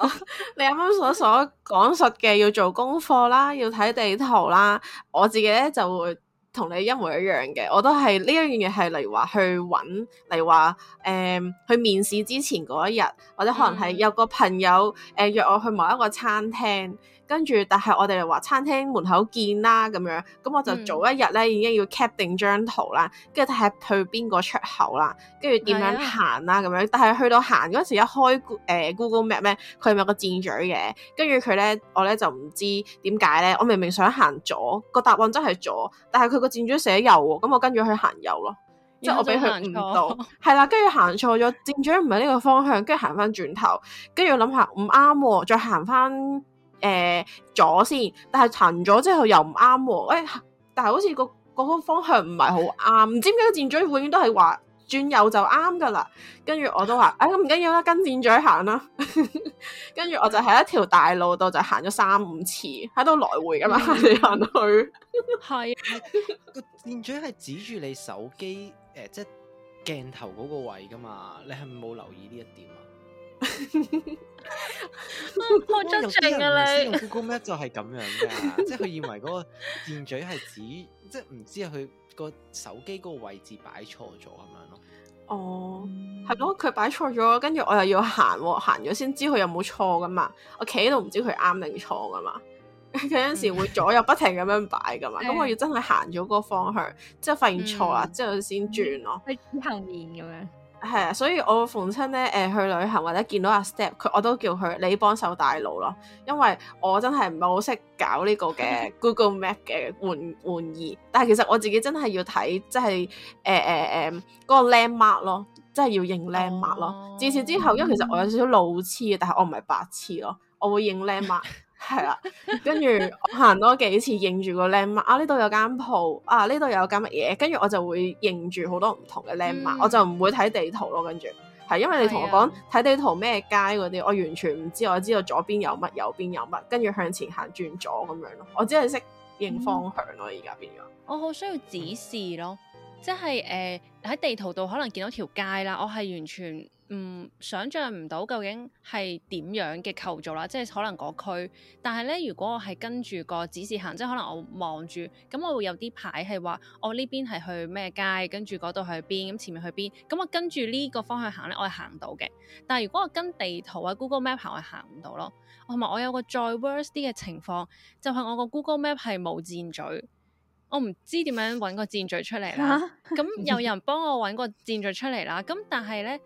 Speaker 1: 你啱啱所所講述嘅要做功課啦，要睇地圖啦，我自己咧就會同你一模一樣嘅，我都係呢一樣嘢係例如話去揾，例如話、呃、去面試之前嗰一日，或者可能係有個朋友誒、嗯呃、約我去某一個餐廳。跟住，但係我哋話餐廳門口見啦，咁樣，咁我就早一日咧已經要 cap 定張圖啦，跟住睇去邊個出口啦，跟住點樣行啦，咁樣、嗯。但係去到行嗰時，一開誒 Google Map 咧，佢咪有，有個箭嘴嘅，跟住佢咧，我咧就唔知點解咧。我明明想行左，個答案真係左，但係佢個箭嘴寫右，咁我跟住去行右咯，即係我俾佢誤導，係、嗯、啦，跟住行錯咗，箭嘴唔係呢個方向，跟住行翻轉頭，跟住我諗下唔啱，再行翻。誒、呃、左先，但係行咗之後又唔啱喎。但係好似、個嗰、個、方向唔係好啱，唔知點解個箭嘴永遠都係話轉右就啱噶、欸、啦。跟住我都話，誒咁唔緊要啦，跟箭嘴行啦。跟住我就喺一條大路度就行咗三五次，喺度來回噶
Speaker 3: 嘛，行嚟
Speaker 4: 行去。係個箭嘴係指住你手機誒、呃，即係鏡頭嗰個位噶嘛？你係冇留意呢一點啊？
Speaker 3: 我出錯噶你。Google
Speaker 4: Map 就係咁樣噶， 即係佢以為嗰個箭嘴係指，即係唔知係佢個手機嗰個位置擺錯咗咁樣咯。
Speaker 1: 哦，係咯、嗯，佢擺錯咗，跟住我又要行，行咗先知佢有冇錯噶嘛。我企喺度唔知佢啱定錯噶嘛。佢 有陣時會左右不停咁、嗯、 樣擺噶嘛。咁我要真係行咗個方向，之後發現錯啦，之後先轉
Speaker 2: 咯。去指、嗯、後面咁樣。
Speaker 1: 係啊，所以我逢親咧，誒、呃、去旅行或者見到阿 Step，佢我都叫佢你幫手大佬咯，因為我真係唔係好識搞呢個嘅 Google Map 嘅玩意， 但係其實我自己真係要睇，即係誒誒誒嗰個 Land Mark 咯，真係、呃呃那個、要認 Land Mark 咯，哦，自此之後，因為其實我有少少路痴嘅，但係我唔係白痴咯，我會認 Land Mark。 係啦，跟住 我行多幾次認住個 landmark 啊！呢度有間鋪啊，呢度有間乜嘢？跟住我就會認住好多唔同嘅 landmark，我就唔會睇地圖咯。跟住係因為你同我講睇、嗯、地圖咩街嗰啲，我完全唔知。我知道左邊有乜，右邊有乜，跟住向前行轉左咁樣咯。我只係識認方向咯，而家變咗。
Speaker 3: 我好需要指示咯，即係誒喺地圖度可能見到條街啦，我係完全。嗯，想象唔到究竟係點樣嘅構造啦，即係可能嗰區。但係咧，如果我係跟住個指示行，即係可能我望住咁，我會有啲牌係話我呢邊係去咩街，跟住嗰度去邊，咁前面去邊。咁、嗯、我跟住呢個方向行咧，我係行到嘅。但係如果我跟地圖啊 Google Map 行，我行唔到咯。同埋我有個再 worse 啲嘅情況，就係、是、我個 Google Map 係冇箭嘴，我唔知點樣搵個箭嘴出嚟啦。咁 有人幫我搵個箭嘴出嚟啦。咁但係咧。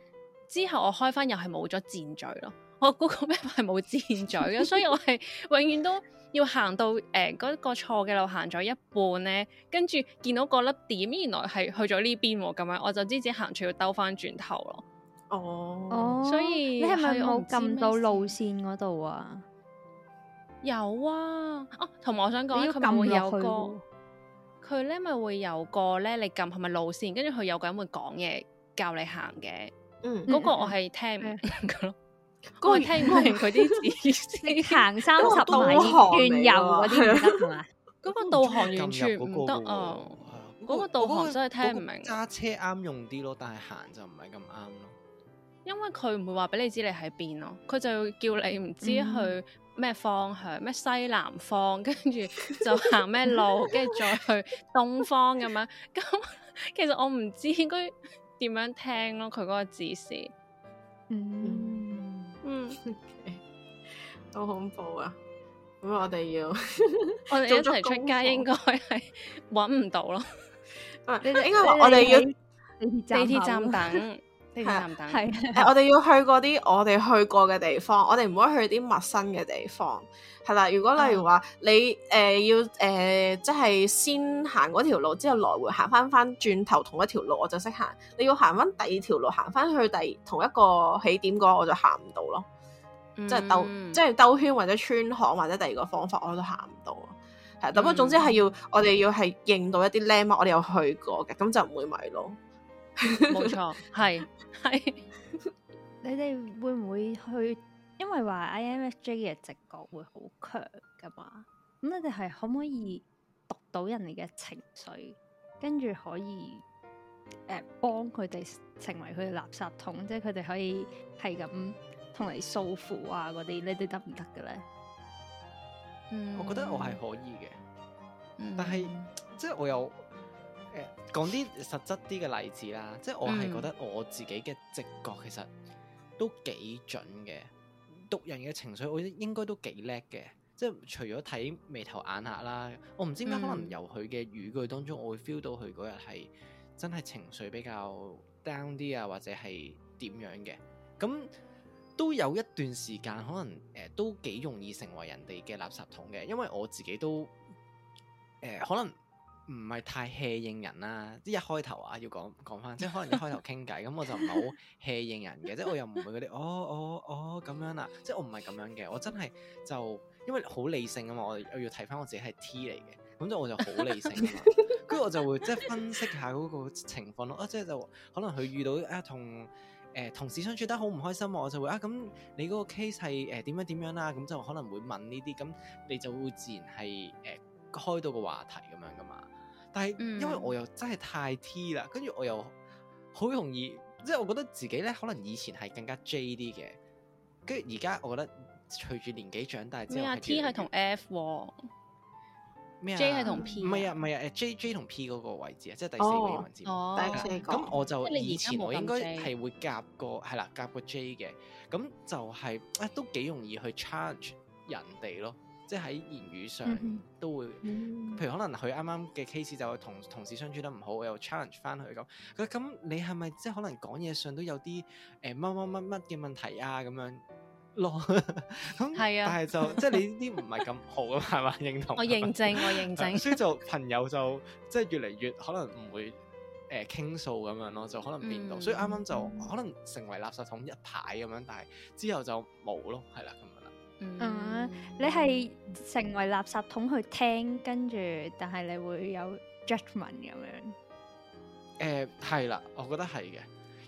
Speaker 3: 之後我開翻又係冇咗箭嘴咯，我嗰個 map 係冇箭嘴嘅， 所以我係永遠都要行到誒嗰、呃嗰個錯嘅路行咗一半咧，跟住見到個粒點，原來係去咗呢邊咁樣，我就知自己行出要兜翻轉頭咯。
Speaker 2: 哦，oh. 所以、oh. 是你係咪冇撳到路線嗰度啊？有啊，哦、啊，同埋我想講、啊，佢冇有過
Speaker 3: 佢咧，咪會有個咧？你撳係咪路線？跟住佢有個人會講嘢教你行嘅。嗰、 嗯、個我係聽唔明噶咯，我係 聽唔明佢啲字， 米 行三十米轉右嗰啲唔得係嘛？嗰個導航完全唔得啊！嗰、 哦 嗰個導航真係聽唔明，
Speaker 4: 揸車啱用啲咯，但係行就唔係咁啱咯。
Speaker 3: 因為佢唔會話俾你知你喺邊咯，佢就要叫你唔知去咩方向，咩 西南方，跟住就行咩路，跟住 再去東方咁樣。咁 其實我唔知應該。點樣聽咯？佢嗰個指示，嗯嗯，好恐怖啊！咁我哋要，
Speaker 1: 我哋一齊出街應
Speaker 3: 該係搵唔到咯。
Speaker 1: 你哋應該話我哋要地鐵站等。地鐵站等。係，我哋要去嗰啲我哋去過嘅地方，我哋唔可以去啲陌生嘅地方，係啦。如果例如話，uh, 你誒、呃、要誒、呃，即係先行嗰條路之後來回行翻翻轉頭同一條路，我就識行。你要行翻第二條路，行翻去第同一個起點嗰，我就行唔到咯。Mm hmm. 即係兜，即係兜圈或者穿巷，或者第二個方法，我都行唔到。係咁啊，mm hmm. 不總之係要我哋要係認到一啲靚物，mm hmm. 我哋有去過嘅，咁就唔會迷路。冇錯，係
Speaker 2: 係，你哋會唔會去？因為話 INFJ 嘅直覺會好強噶嘛，咁你哋係可唔可以讀到人哋嘅情緒，跟住可以誒幫佢哋成為佢嘅垃圾桶，即係佢哋可以係咁同你訴苦啊嗰啲，你哋得唔得嘅咧？嗯，我覺得我係
Speaker 4: 可以嘅，但係即係我有。講啲實質啲嘅例子啦，即係我係覺得我自己嘅直覺其實都幾準嘅，讀人嘅情緒我應該都幾叻嘅，即係除咗睇眉頭眼下啦，我唔知點解可能由佢嘅語句當中我會 feel 到佢嗰日係真係情緒比較 down 啲啊，或者係點樣嘅，咁都有一段時間可能誒、呃、都幾容易成為人哋嘅垃圾桶嘅，因為我自己都誒、呃、可能。唔係太 h 應人啦、啊，即一開頭啊要講講翻，即可能一開頭傾偈咁， 我就唔好 h 應人嘅，即我又唔會嗰啲哦哦哦咁樣啦、啊，即我唔係咁樣嘅，我真係就因為好理性啊嘛，我又要睇翻我自己係 T 嚟嘅，咁即我就好理性啊嘛，跟住 我就會即分析下嗰個情況咯，啊即就可能佢遇到啊同誒、呃、同事相處得好唔開心，我就會啊咁你嗰個 case 係誒點樣點樣啦、啊，咁就可能會問呢啲，咁你就會自然係誒、呃、開到個話題咁樣噶嘛。但係，因為我又真係太 T 啦，跟住我又好容易，即係我覺得自己咧，可能以前係更加 J 啲嘅，跟住而家我覺得隨住年紀長大之後，T 係同 F，咩啊？J 係同 P，唔係啊，唔係啊, J, 啊,啊,啊，J J 同 P 嗰個位置啊，即係第四個位置。就是、個英文字哦，哦第四個咁我就以前我應該係會夾個係啦，夾個 J 嘅，咁就係、是、啊，都幾容易去 charge 人哋咯。即喺言語上都會，嗯、譬如可能佢啱啱嘅 case 就同同事相處得唔好，我又 challenge 翻佢咁。佢咁、嗯、你係咪即係可能講嘢上都有啲誒乜乜乜乜嘅問題啊咁樣咯？咁係是啊但，但係 就即係你呢啲唔係咁好啊嘛，係嘛認同？我認證，我認證。 嗯、所以就朋友就即係越嚟越可能唔會誒、呃、傾訴咁樣咯，就可能變到。嗯、所以啱啱就、嗯、可能成為垃圾桶一排咁樣，但係之後就冇咯，係啦
Speaker 2: 嗯，mm hmm. 你係成為垃圾桶去聽，跟住，但係你會有 judgment 咁樣？
Speaker 4: 誒、嗯，係啦，我覺得係嘅，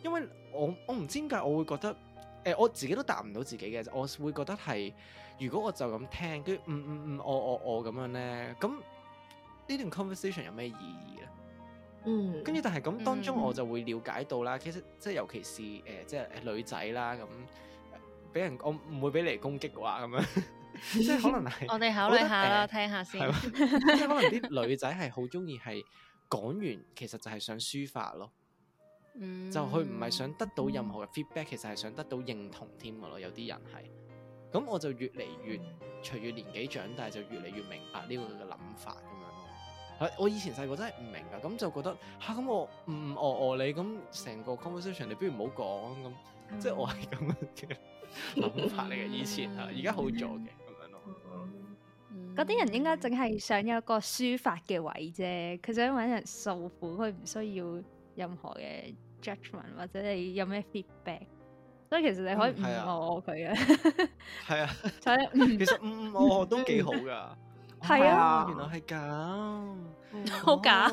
Speaker 4: 因為我我唔知點解我會覺得，誒、欸，我自己都答唔到自己嘅，我會覺得係，如果我就咁聽，跟住嗯嗯嗯，我我我咁樣咧，咁呢段 conversation 有咩意義咧？
Speaker 1: 嗯，跟、
Speaker 3: 嗯、住、
Speaker 4: 嗯、但係咁當中我就會了解到啦，其實即係尤其是誒、呃，即係女仔啦咁。俾人我唔會俾你嚟攻擊嘅話咁樣，即 係可能係我哋考慮下啦，聽下先。即係可能啲女仔係好中意係講完，其實就係想抒發咯，mm hmm. 就佢唔係想得到任何嘅 feedback，其實係想得到認同添噶咯。有啲人係，咁我就越嚟越隨住年紀長大，就越嚟越明白呢個嘅諗法咁樣咯。我以前細個真係唔明噶，咁就覺得吓咁，啊，我唔唔哦哦你咁成個 conversation，你不如唔好講咁。嗯即係我係咁樣嘅諗法嚟嘅，以前係，而家好咗嘅咁
Speaker 2: 樣咯。嗰啲 人應該淨係想有一個抒發嘅位啫，佢想揾人訴苦，佢唔需要任何嘅 judgment 或者你有咩 feedback，所以其實你可以唔惡佢嘅。係、
Speaker 4: 嗯、啊， 以 其實唔唔惡都幾好噶。
Speaker 2: 係 啊、哦，
Speaker 4: 原來係咁。
Speaker 2: 好
Speaker 1: 假！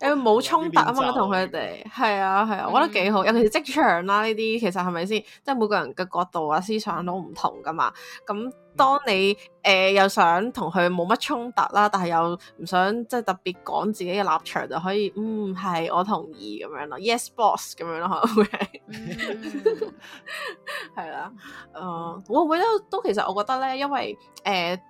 Speaker 1: 誒，冇衝突啊嘛，同佢哋係啊係啊，我覺得幾好，尤其是職場啦呢啲，其實係咪先？即係每個人嘅角度啊、思想都唔同噶嘛。咁當你誒、呃、又想同佢冇乜衝突啦，但係又唔想即係特別講自己嘅立場就可以，嗯，係我同意咁樣咯，Yes boss 咁樣咯，可能會係，係 啦、mm. 啊。誒、呃，我覺得都其實我覺得咧，因為誒。呃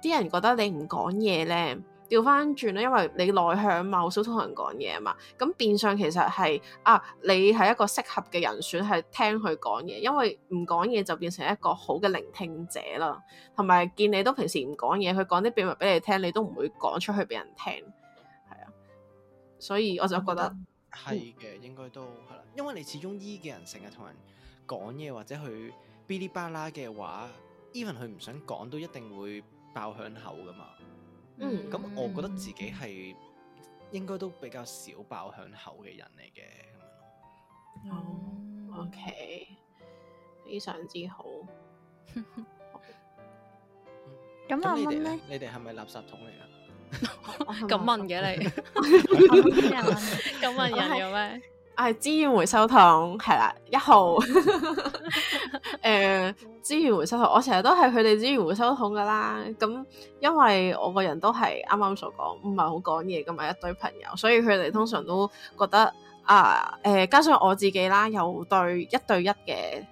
Speaker 1: 啲人覺得你唔講嘢咧，掉返轉咧，因為你內向嘛，好少同人講嘢啊嘛。咁變相其實係啊，你係一個適合嘅人選係聽佢講嘢，因為唔講嘢就變成一個好嘅聆聽者啦。同埋見你都平時唔講嘢，佢講啲秘密俾你聽，你都唔會講出去俾人聽，係啊。所以我就覺得
Speaker 4: 係嘅，應該都係啦，嗯，因為你始終 E 嘅人成日同人講嘢或者佢噼哩啪啦嘅話，even 佢唔想講都一定會。爆響口噶嘛？嗯、咁、嗯、我覺得自己係應該都比較少爆響口嘅人嚟嘅。
Speaker 1: 咁樣哦、嗯、OK，非常之好。咁 咁、嗯、你哋咧？嗯、
Speaker 4: 呢你哋係咪垃圾桶嚟 啊？
Speaker 1: 咁問嘅你，
Speaker 2: 咁問人嘅咩？
Speaker 1: 係資源回收桶，係啦，一號。誒、 呃、資源回收桶，我成日都係佢哋資源回收桶噶啦。咁因為我個人都係啱啱所講，唔係好講嘢噶嘛，一堆朋友，所以佢哋通常都覺得啊，誒、呃，加上我自己啦，有對一對一嘅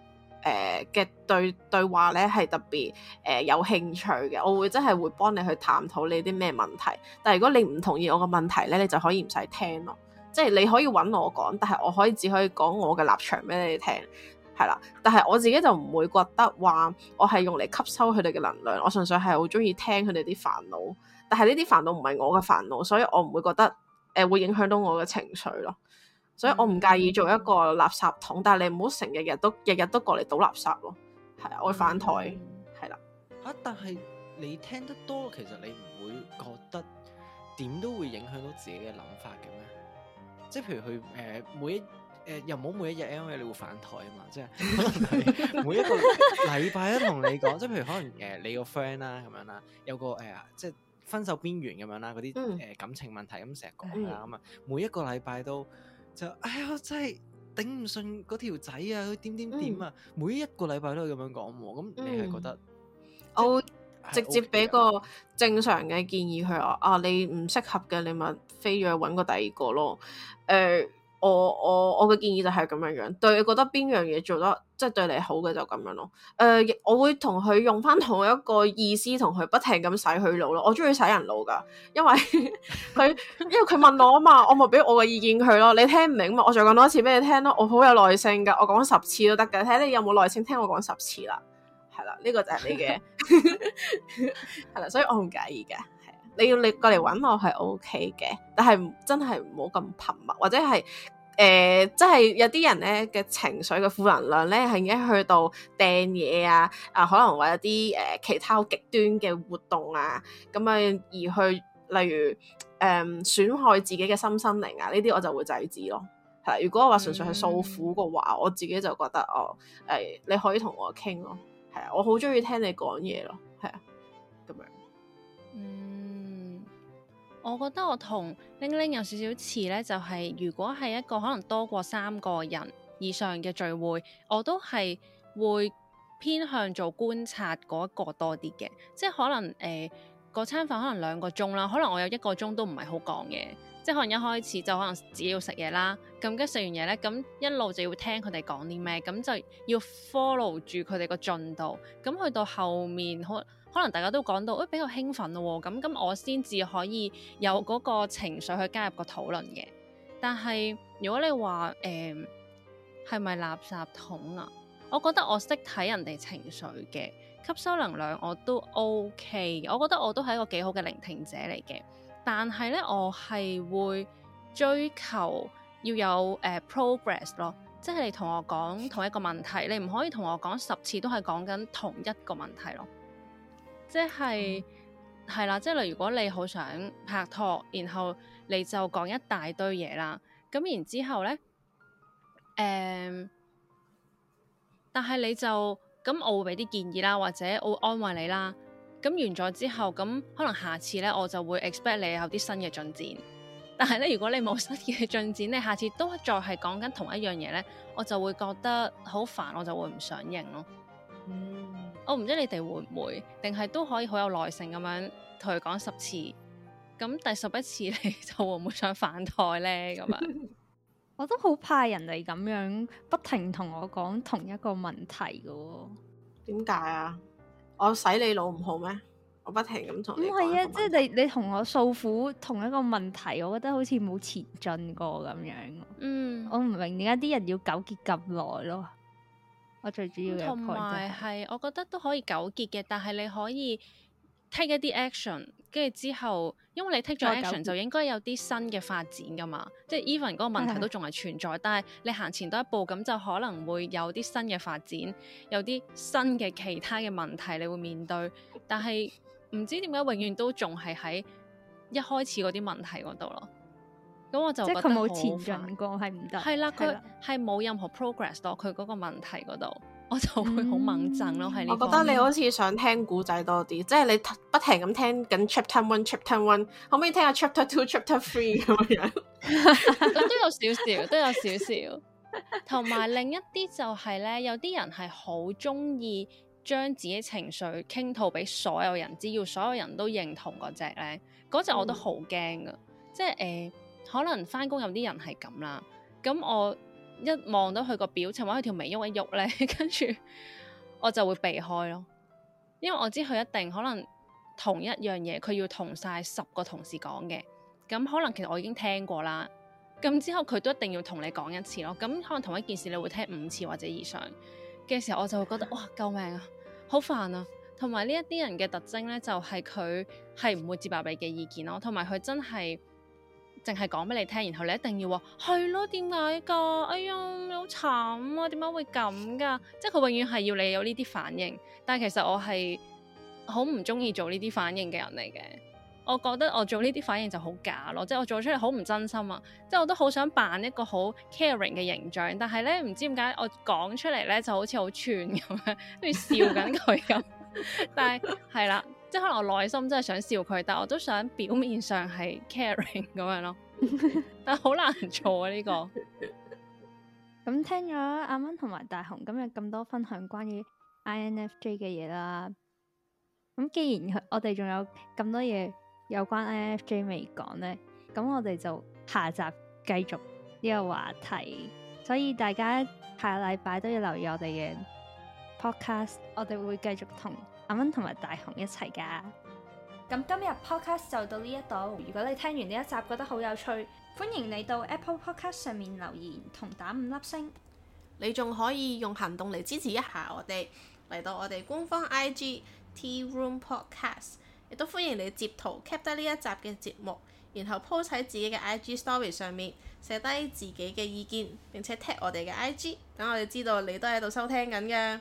Speaker 1: 誒嘅對對話咧，係特別誒、呃、有興趣嘅。我會真係會幫你去探討你啲咩問題。但如果你唔同意我個問題咧，你就可以唔使聽咯。即係你可以搵我講，但係我可以只可以講我嘅立場俾你哋聽，係啦。但係我自己就唔會覺得話我係用嚟吸收佢哋嘅能量，我純粹係好中意聽佢哋啲煩惱。但係呢啲煩惱唔係我嘅煩惱，所以我唔會覺得誒、呃、會影響到我嘅情緒咯。所以我唔介意做一個垃圾桶，但係你唔好成日日都日日都過嚟倒垃圾咯。係啊，我反台
Speaker 4: 係啦。吓，但係你聽得多，其實你唔會覺得點都會影響到自己嘅諗法嘅咩？即係譬如佢誒、呃、每一誒、呃、又唔好每一日 M 你會反台啊嘛，即係可能每一個禮拜都同你講，即係譬如可能誒你個 friend 啦咁樣啦，有個誒即係分手邊緣咁樣啦嗰啲誒感情問題咁成日講啦咁啊，每一個禮拜都就哎呀真係頂唔順嗰條仔啊佢點點點啊，每一個禮拜都會咁樣講喎，咁你係覺得？
Speaker 1: 即嗯嗯直接俾個正常嘅建議佢啊！啊，你唔適合嘅，你咪飛咗去揾個第二個咯。誒、呃，我我我嘅建議就係咁樣樣。你覺得邊樣嘢做得即係對你好嘅就咁樣咯。誒、呃，我會同佢用翻同一個意思，同佢不停咁洗佢腦咯。我中意洗人腦噶，因為佢 因為佢問我啊嘛， 我咪俾我嘅意見佢咯。你聽唔明嘛，我再講多一次俾你聽咯。我好有耐性噶，我講十次都得嘅。睇下你有冇耐性聽我講十次啦。呢個就係你嘅，係啦，所以我唔介意嘅。係你要你過嚟搵我係 O K 嘅，但係真係唔好咁頻密。或者係誒，即、呃、係、就是、有啲人咧嘅情緒嘅負能量咧，係已經去到掟嘢啊，啊，可能或有啲誒、呃、其他好極端嘅活動啊，咁啊而去，例如誒損、呃、害自己嘅心身靈啊，呢啲我就會制止咯。係如果我話純粹係訴苦嘅話，mm hmm. 我自己就覺得哦，誒、呃，你可以同我傾咯。我好中意聽你講嘢咯，係啊，咁樣。嗯，
Speaker 3: 我覺得我同玲玲有少少似咧，就係如果係一個可能多過三個人以上嘅聚會，我都係會偏向做觀察嗰一個多啲嘅，即係可能誒，嗰餐飯可能兩個鐘啦，可能我有一個鐘都唔係好講嘢。即可能一開始就可能自己要食嘢啦，咁跟食完嘢咧，咁一路就要聽佢哋講啲咩，咁就要 follow 住佢哋個進度。咁去到後面，可能可能大家都講到，誒、哎、比較興奮咯、哦，咁咁我先至可以有嗰個情緒去加入個討論嘅。但係如果你話誒係咪垃圾桶啊？我覺得我識睇人哋情緒嘅，吸收能量我都 OK。我覺得我都係一個幾好嘅聆聽者嚟嘅。但係咧，我係會追求要有誒、uh, progress 咯，即係你同我講同一個問題，你唔可以同我講十次都係講緊同一個問題咯，即係係、嗯、啦，即係例如如果你好想拍拖，然後你就講一大堆嘢啦，咁然之後咧，誒、嗯，但係你就咁，我會俾啲建議啦，或者我會安慰你啦。咁完咗之後，咁可能下次咧，我就會 expect 你有啲新嘅進展。但係咧，如果你冇新嘅進展，你下次都再係講緊同一樣嘢咧，我就會覺得好煩，我就會唔想應咯。嗯，我唔知你哋會唔會，定係都可以好有耐性咁樣同佢講十次。咁第十一次你就會唔會想
Speaker 2: 反台咧？咁樣，我都好怕人哋咁樣不停同我講同一個問題嘅喎、哦。點解啊？我洗你腦唔好咩？我不停咁做。唔係啊，即係你你同我訴苦同一個問題，我覺得好似冇前進過咁樣。嗯，
Speaker 3: 我
Speaker 2: 唔明點解啲人要糾結咁耐咯。我最主要嘅同埋
Speaker 3: 係，我覺得都可以糾結嘅，但係你可以 take 一啲 action。跟住之後，因為你 take 咗 action，久就應該有啲新嘅發展㗎嘛。即係 even 嗰個問題都仲係存在，的但係你行前多一步，咁就可能會有啲新嘅發展，有啲新嘅其他嘅問題你會面對。但係唔知點解永遠都仲係喺一開始嗰啲問題嗰度咯。
Speaker 1: 咁我就即是 覺得佢冇前進
Speaker 3: 過係唔得。係啦，佢係冇任何 progress 到佢嗰個問題嗰度。
Speaker 1: 我就會好猛進咯，係我覺得你好似想聽古仔多啲，即係你不停咁聽緊 chapter one，chapter one，可唔可以聽下 chapter two，chapter three 咁樣？咁 都有少少，都有少少。同埋另
Speaker 3: 一啲就係咧，有啲人係好中意將自己情緒傾吐俾所有人，只要所有人都認同嗰隻咧，嗰隻我都好驚噶。Oh. 即係誒、呃，可能翻工有啲人係咁啦，咁我。一望到佢個表情或者佢條眉喐一喐咧，跟 住我就會避開咯。因為我知佢一定可能同一樣嘢，佢要同晒十個同事講嘅。咁可能其實我已經聽過啦。咁之後佢都一定要同你講一次咯。咁可能同一件事，你會聽五次或者以上嘅時候，我就會覺得哇，救命啊，好煩啊！同埋呢一啲人嘅特徵咧，就係佢係唔會接納你嘅意見咯，同埋佢真係。淨係講俾你聽，然後你一定要話係咯，點解噶？哎呀，你好慘啊！點解會咁噶？即係佢永遠係要你有呢啲反應，但係其實我係好唔中意做呢啲反應嘅人嚟嘅。我覺得我做呢啲反應就好假咯，即係我做出嚟好唔真心啊！即係我都好想扮一個好 caring 嘅形象，但係咧唔知點解我講出嚟咧就好似好串咁樣，跟住笑緊佢咁。但係係啦。即係可能我內心真係想笑佢，但係我都想表面上係 caring 咁樣咯， 但係好難做啊呢個。
Speaker 2: 咁 聽咗阿蚊同埋大雄今日咁多分享關於 INFJ 嘅嘢啦，咁既然我哋仲有咁多嘢有關 INFJ 未講呢，咁我哋就下集繼續呢個話題，所以大家下禮拜都要留意我哋嘅 podcast，我哋會繼續同。阿蚊同埋大雄一齊噶，咁今日 Podcast 就到呢一度。如果你聽完呢一集覺得好有趣，歡迎你到 Apple Podcast 上面留言同打五粒星。你
Speaker 1: 仲可以用行動嚟支持一下我哋，嚟到我哋官方 IG Tea Room Podcast，亦都歡迎你截圖 cap 得呢一集嘅節目，然後 po 喺自己嘅 IG Story 上面寫低自己嘅意見，並且 tag 我哋嘅 IG，等我哋知道你都喺度收聽緊噶。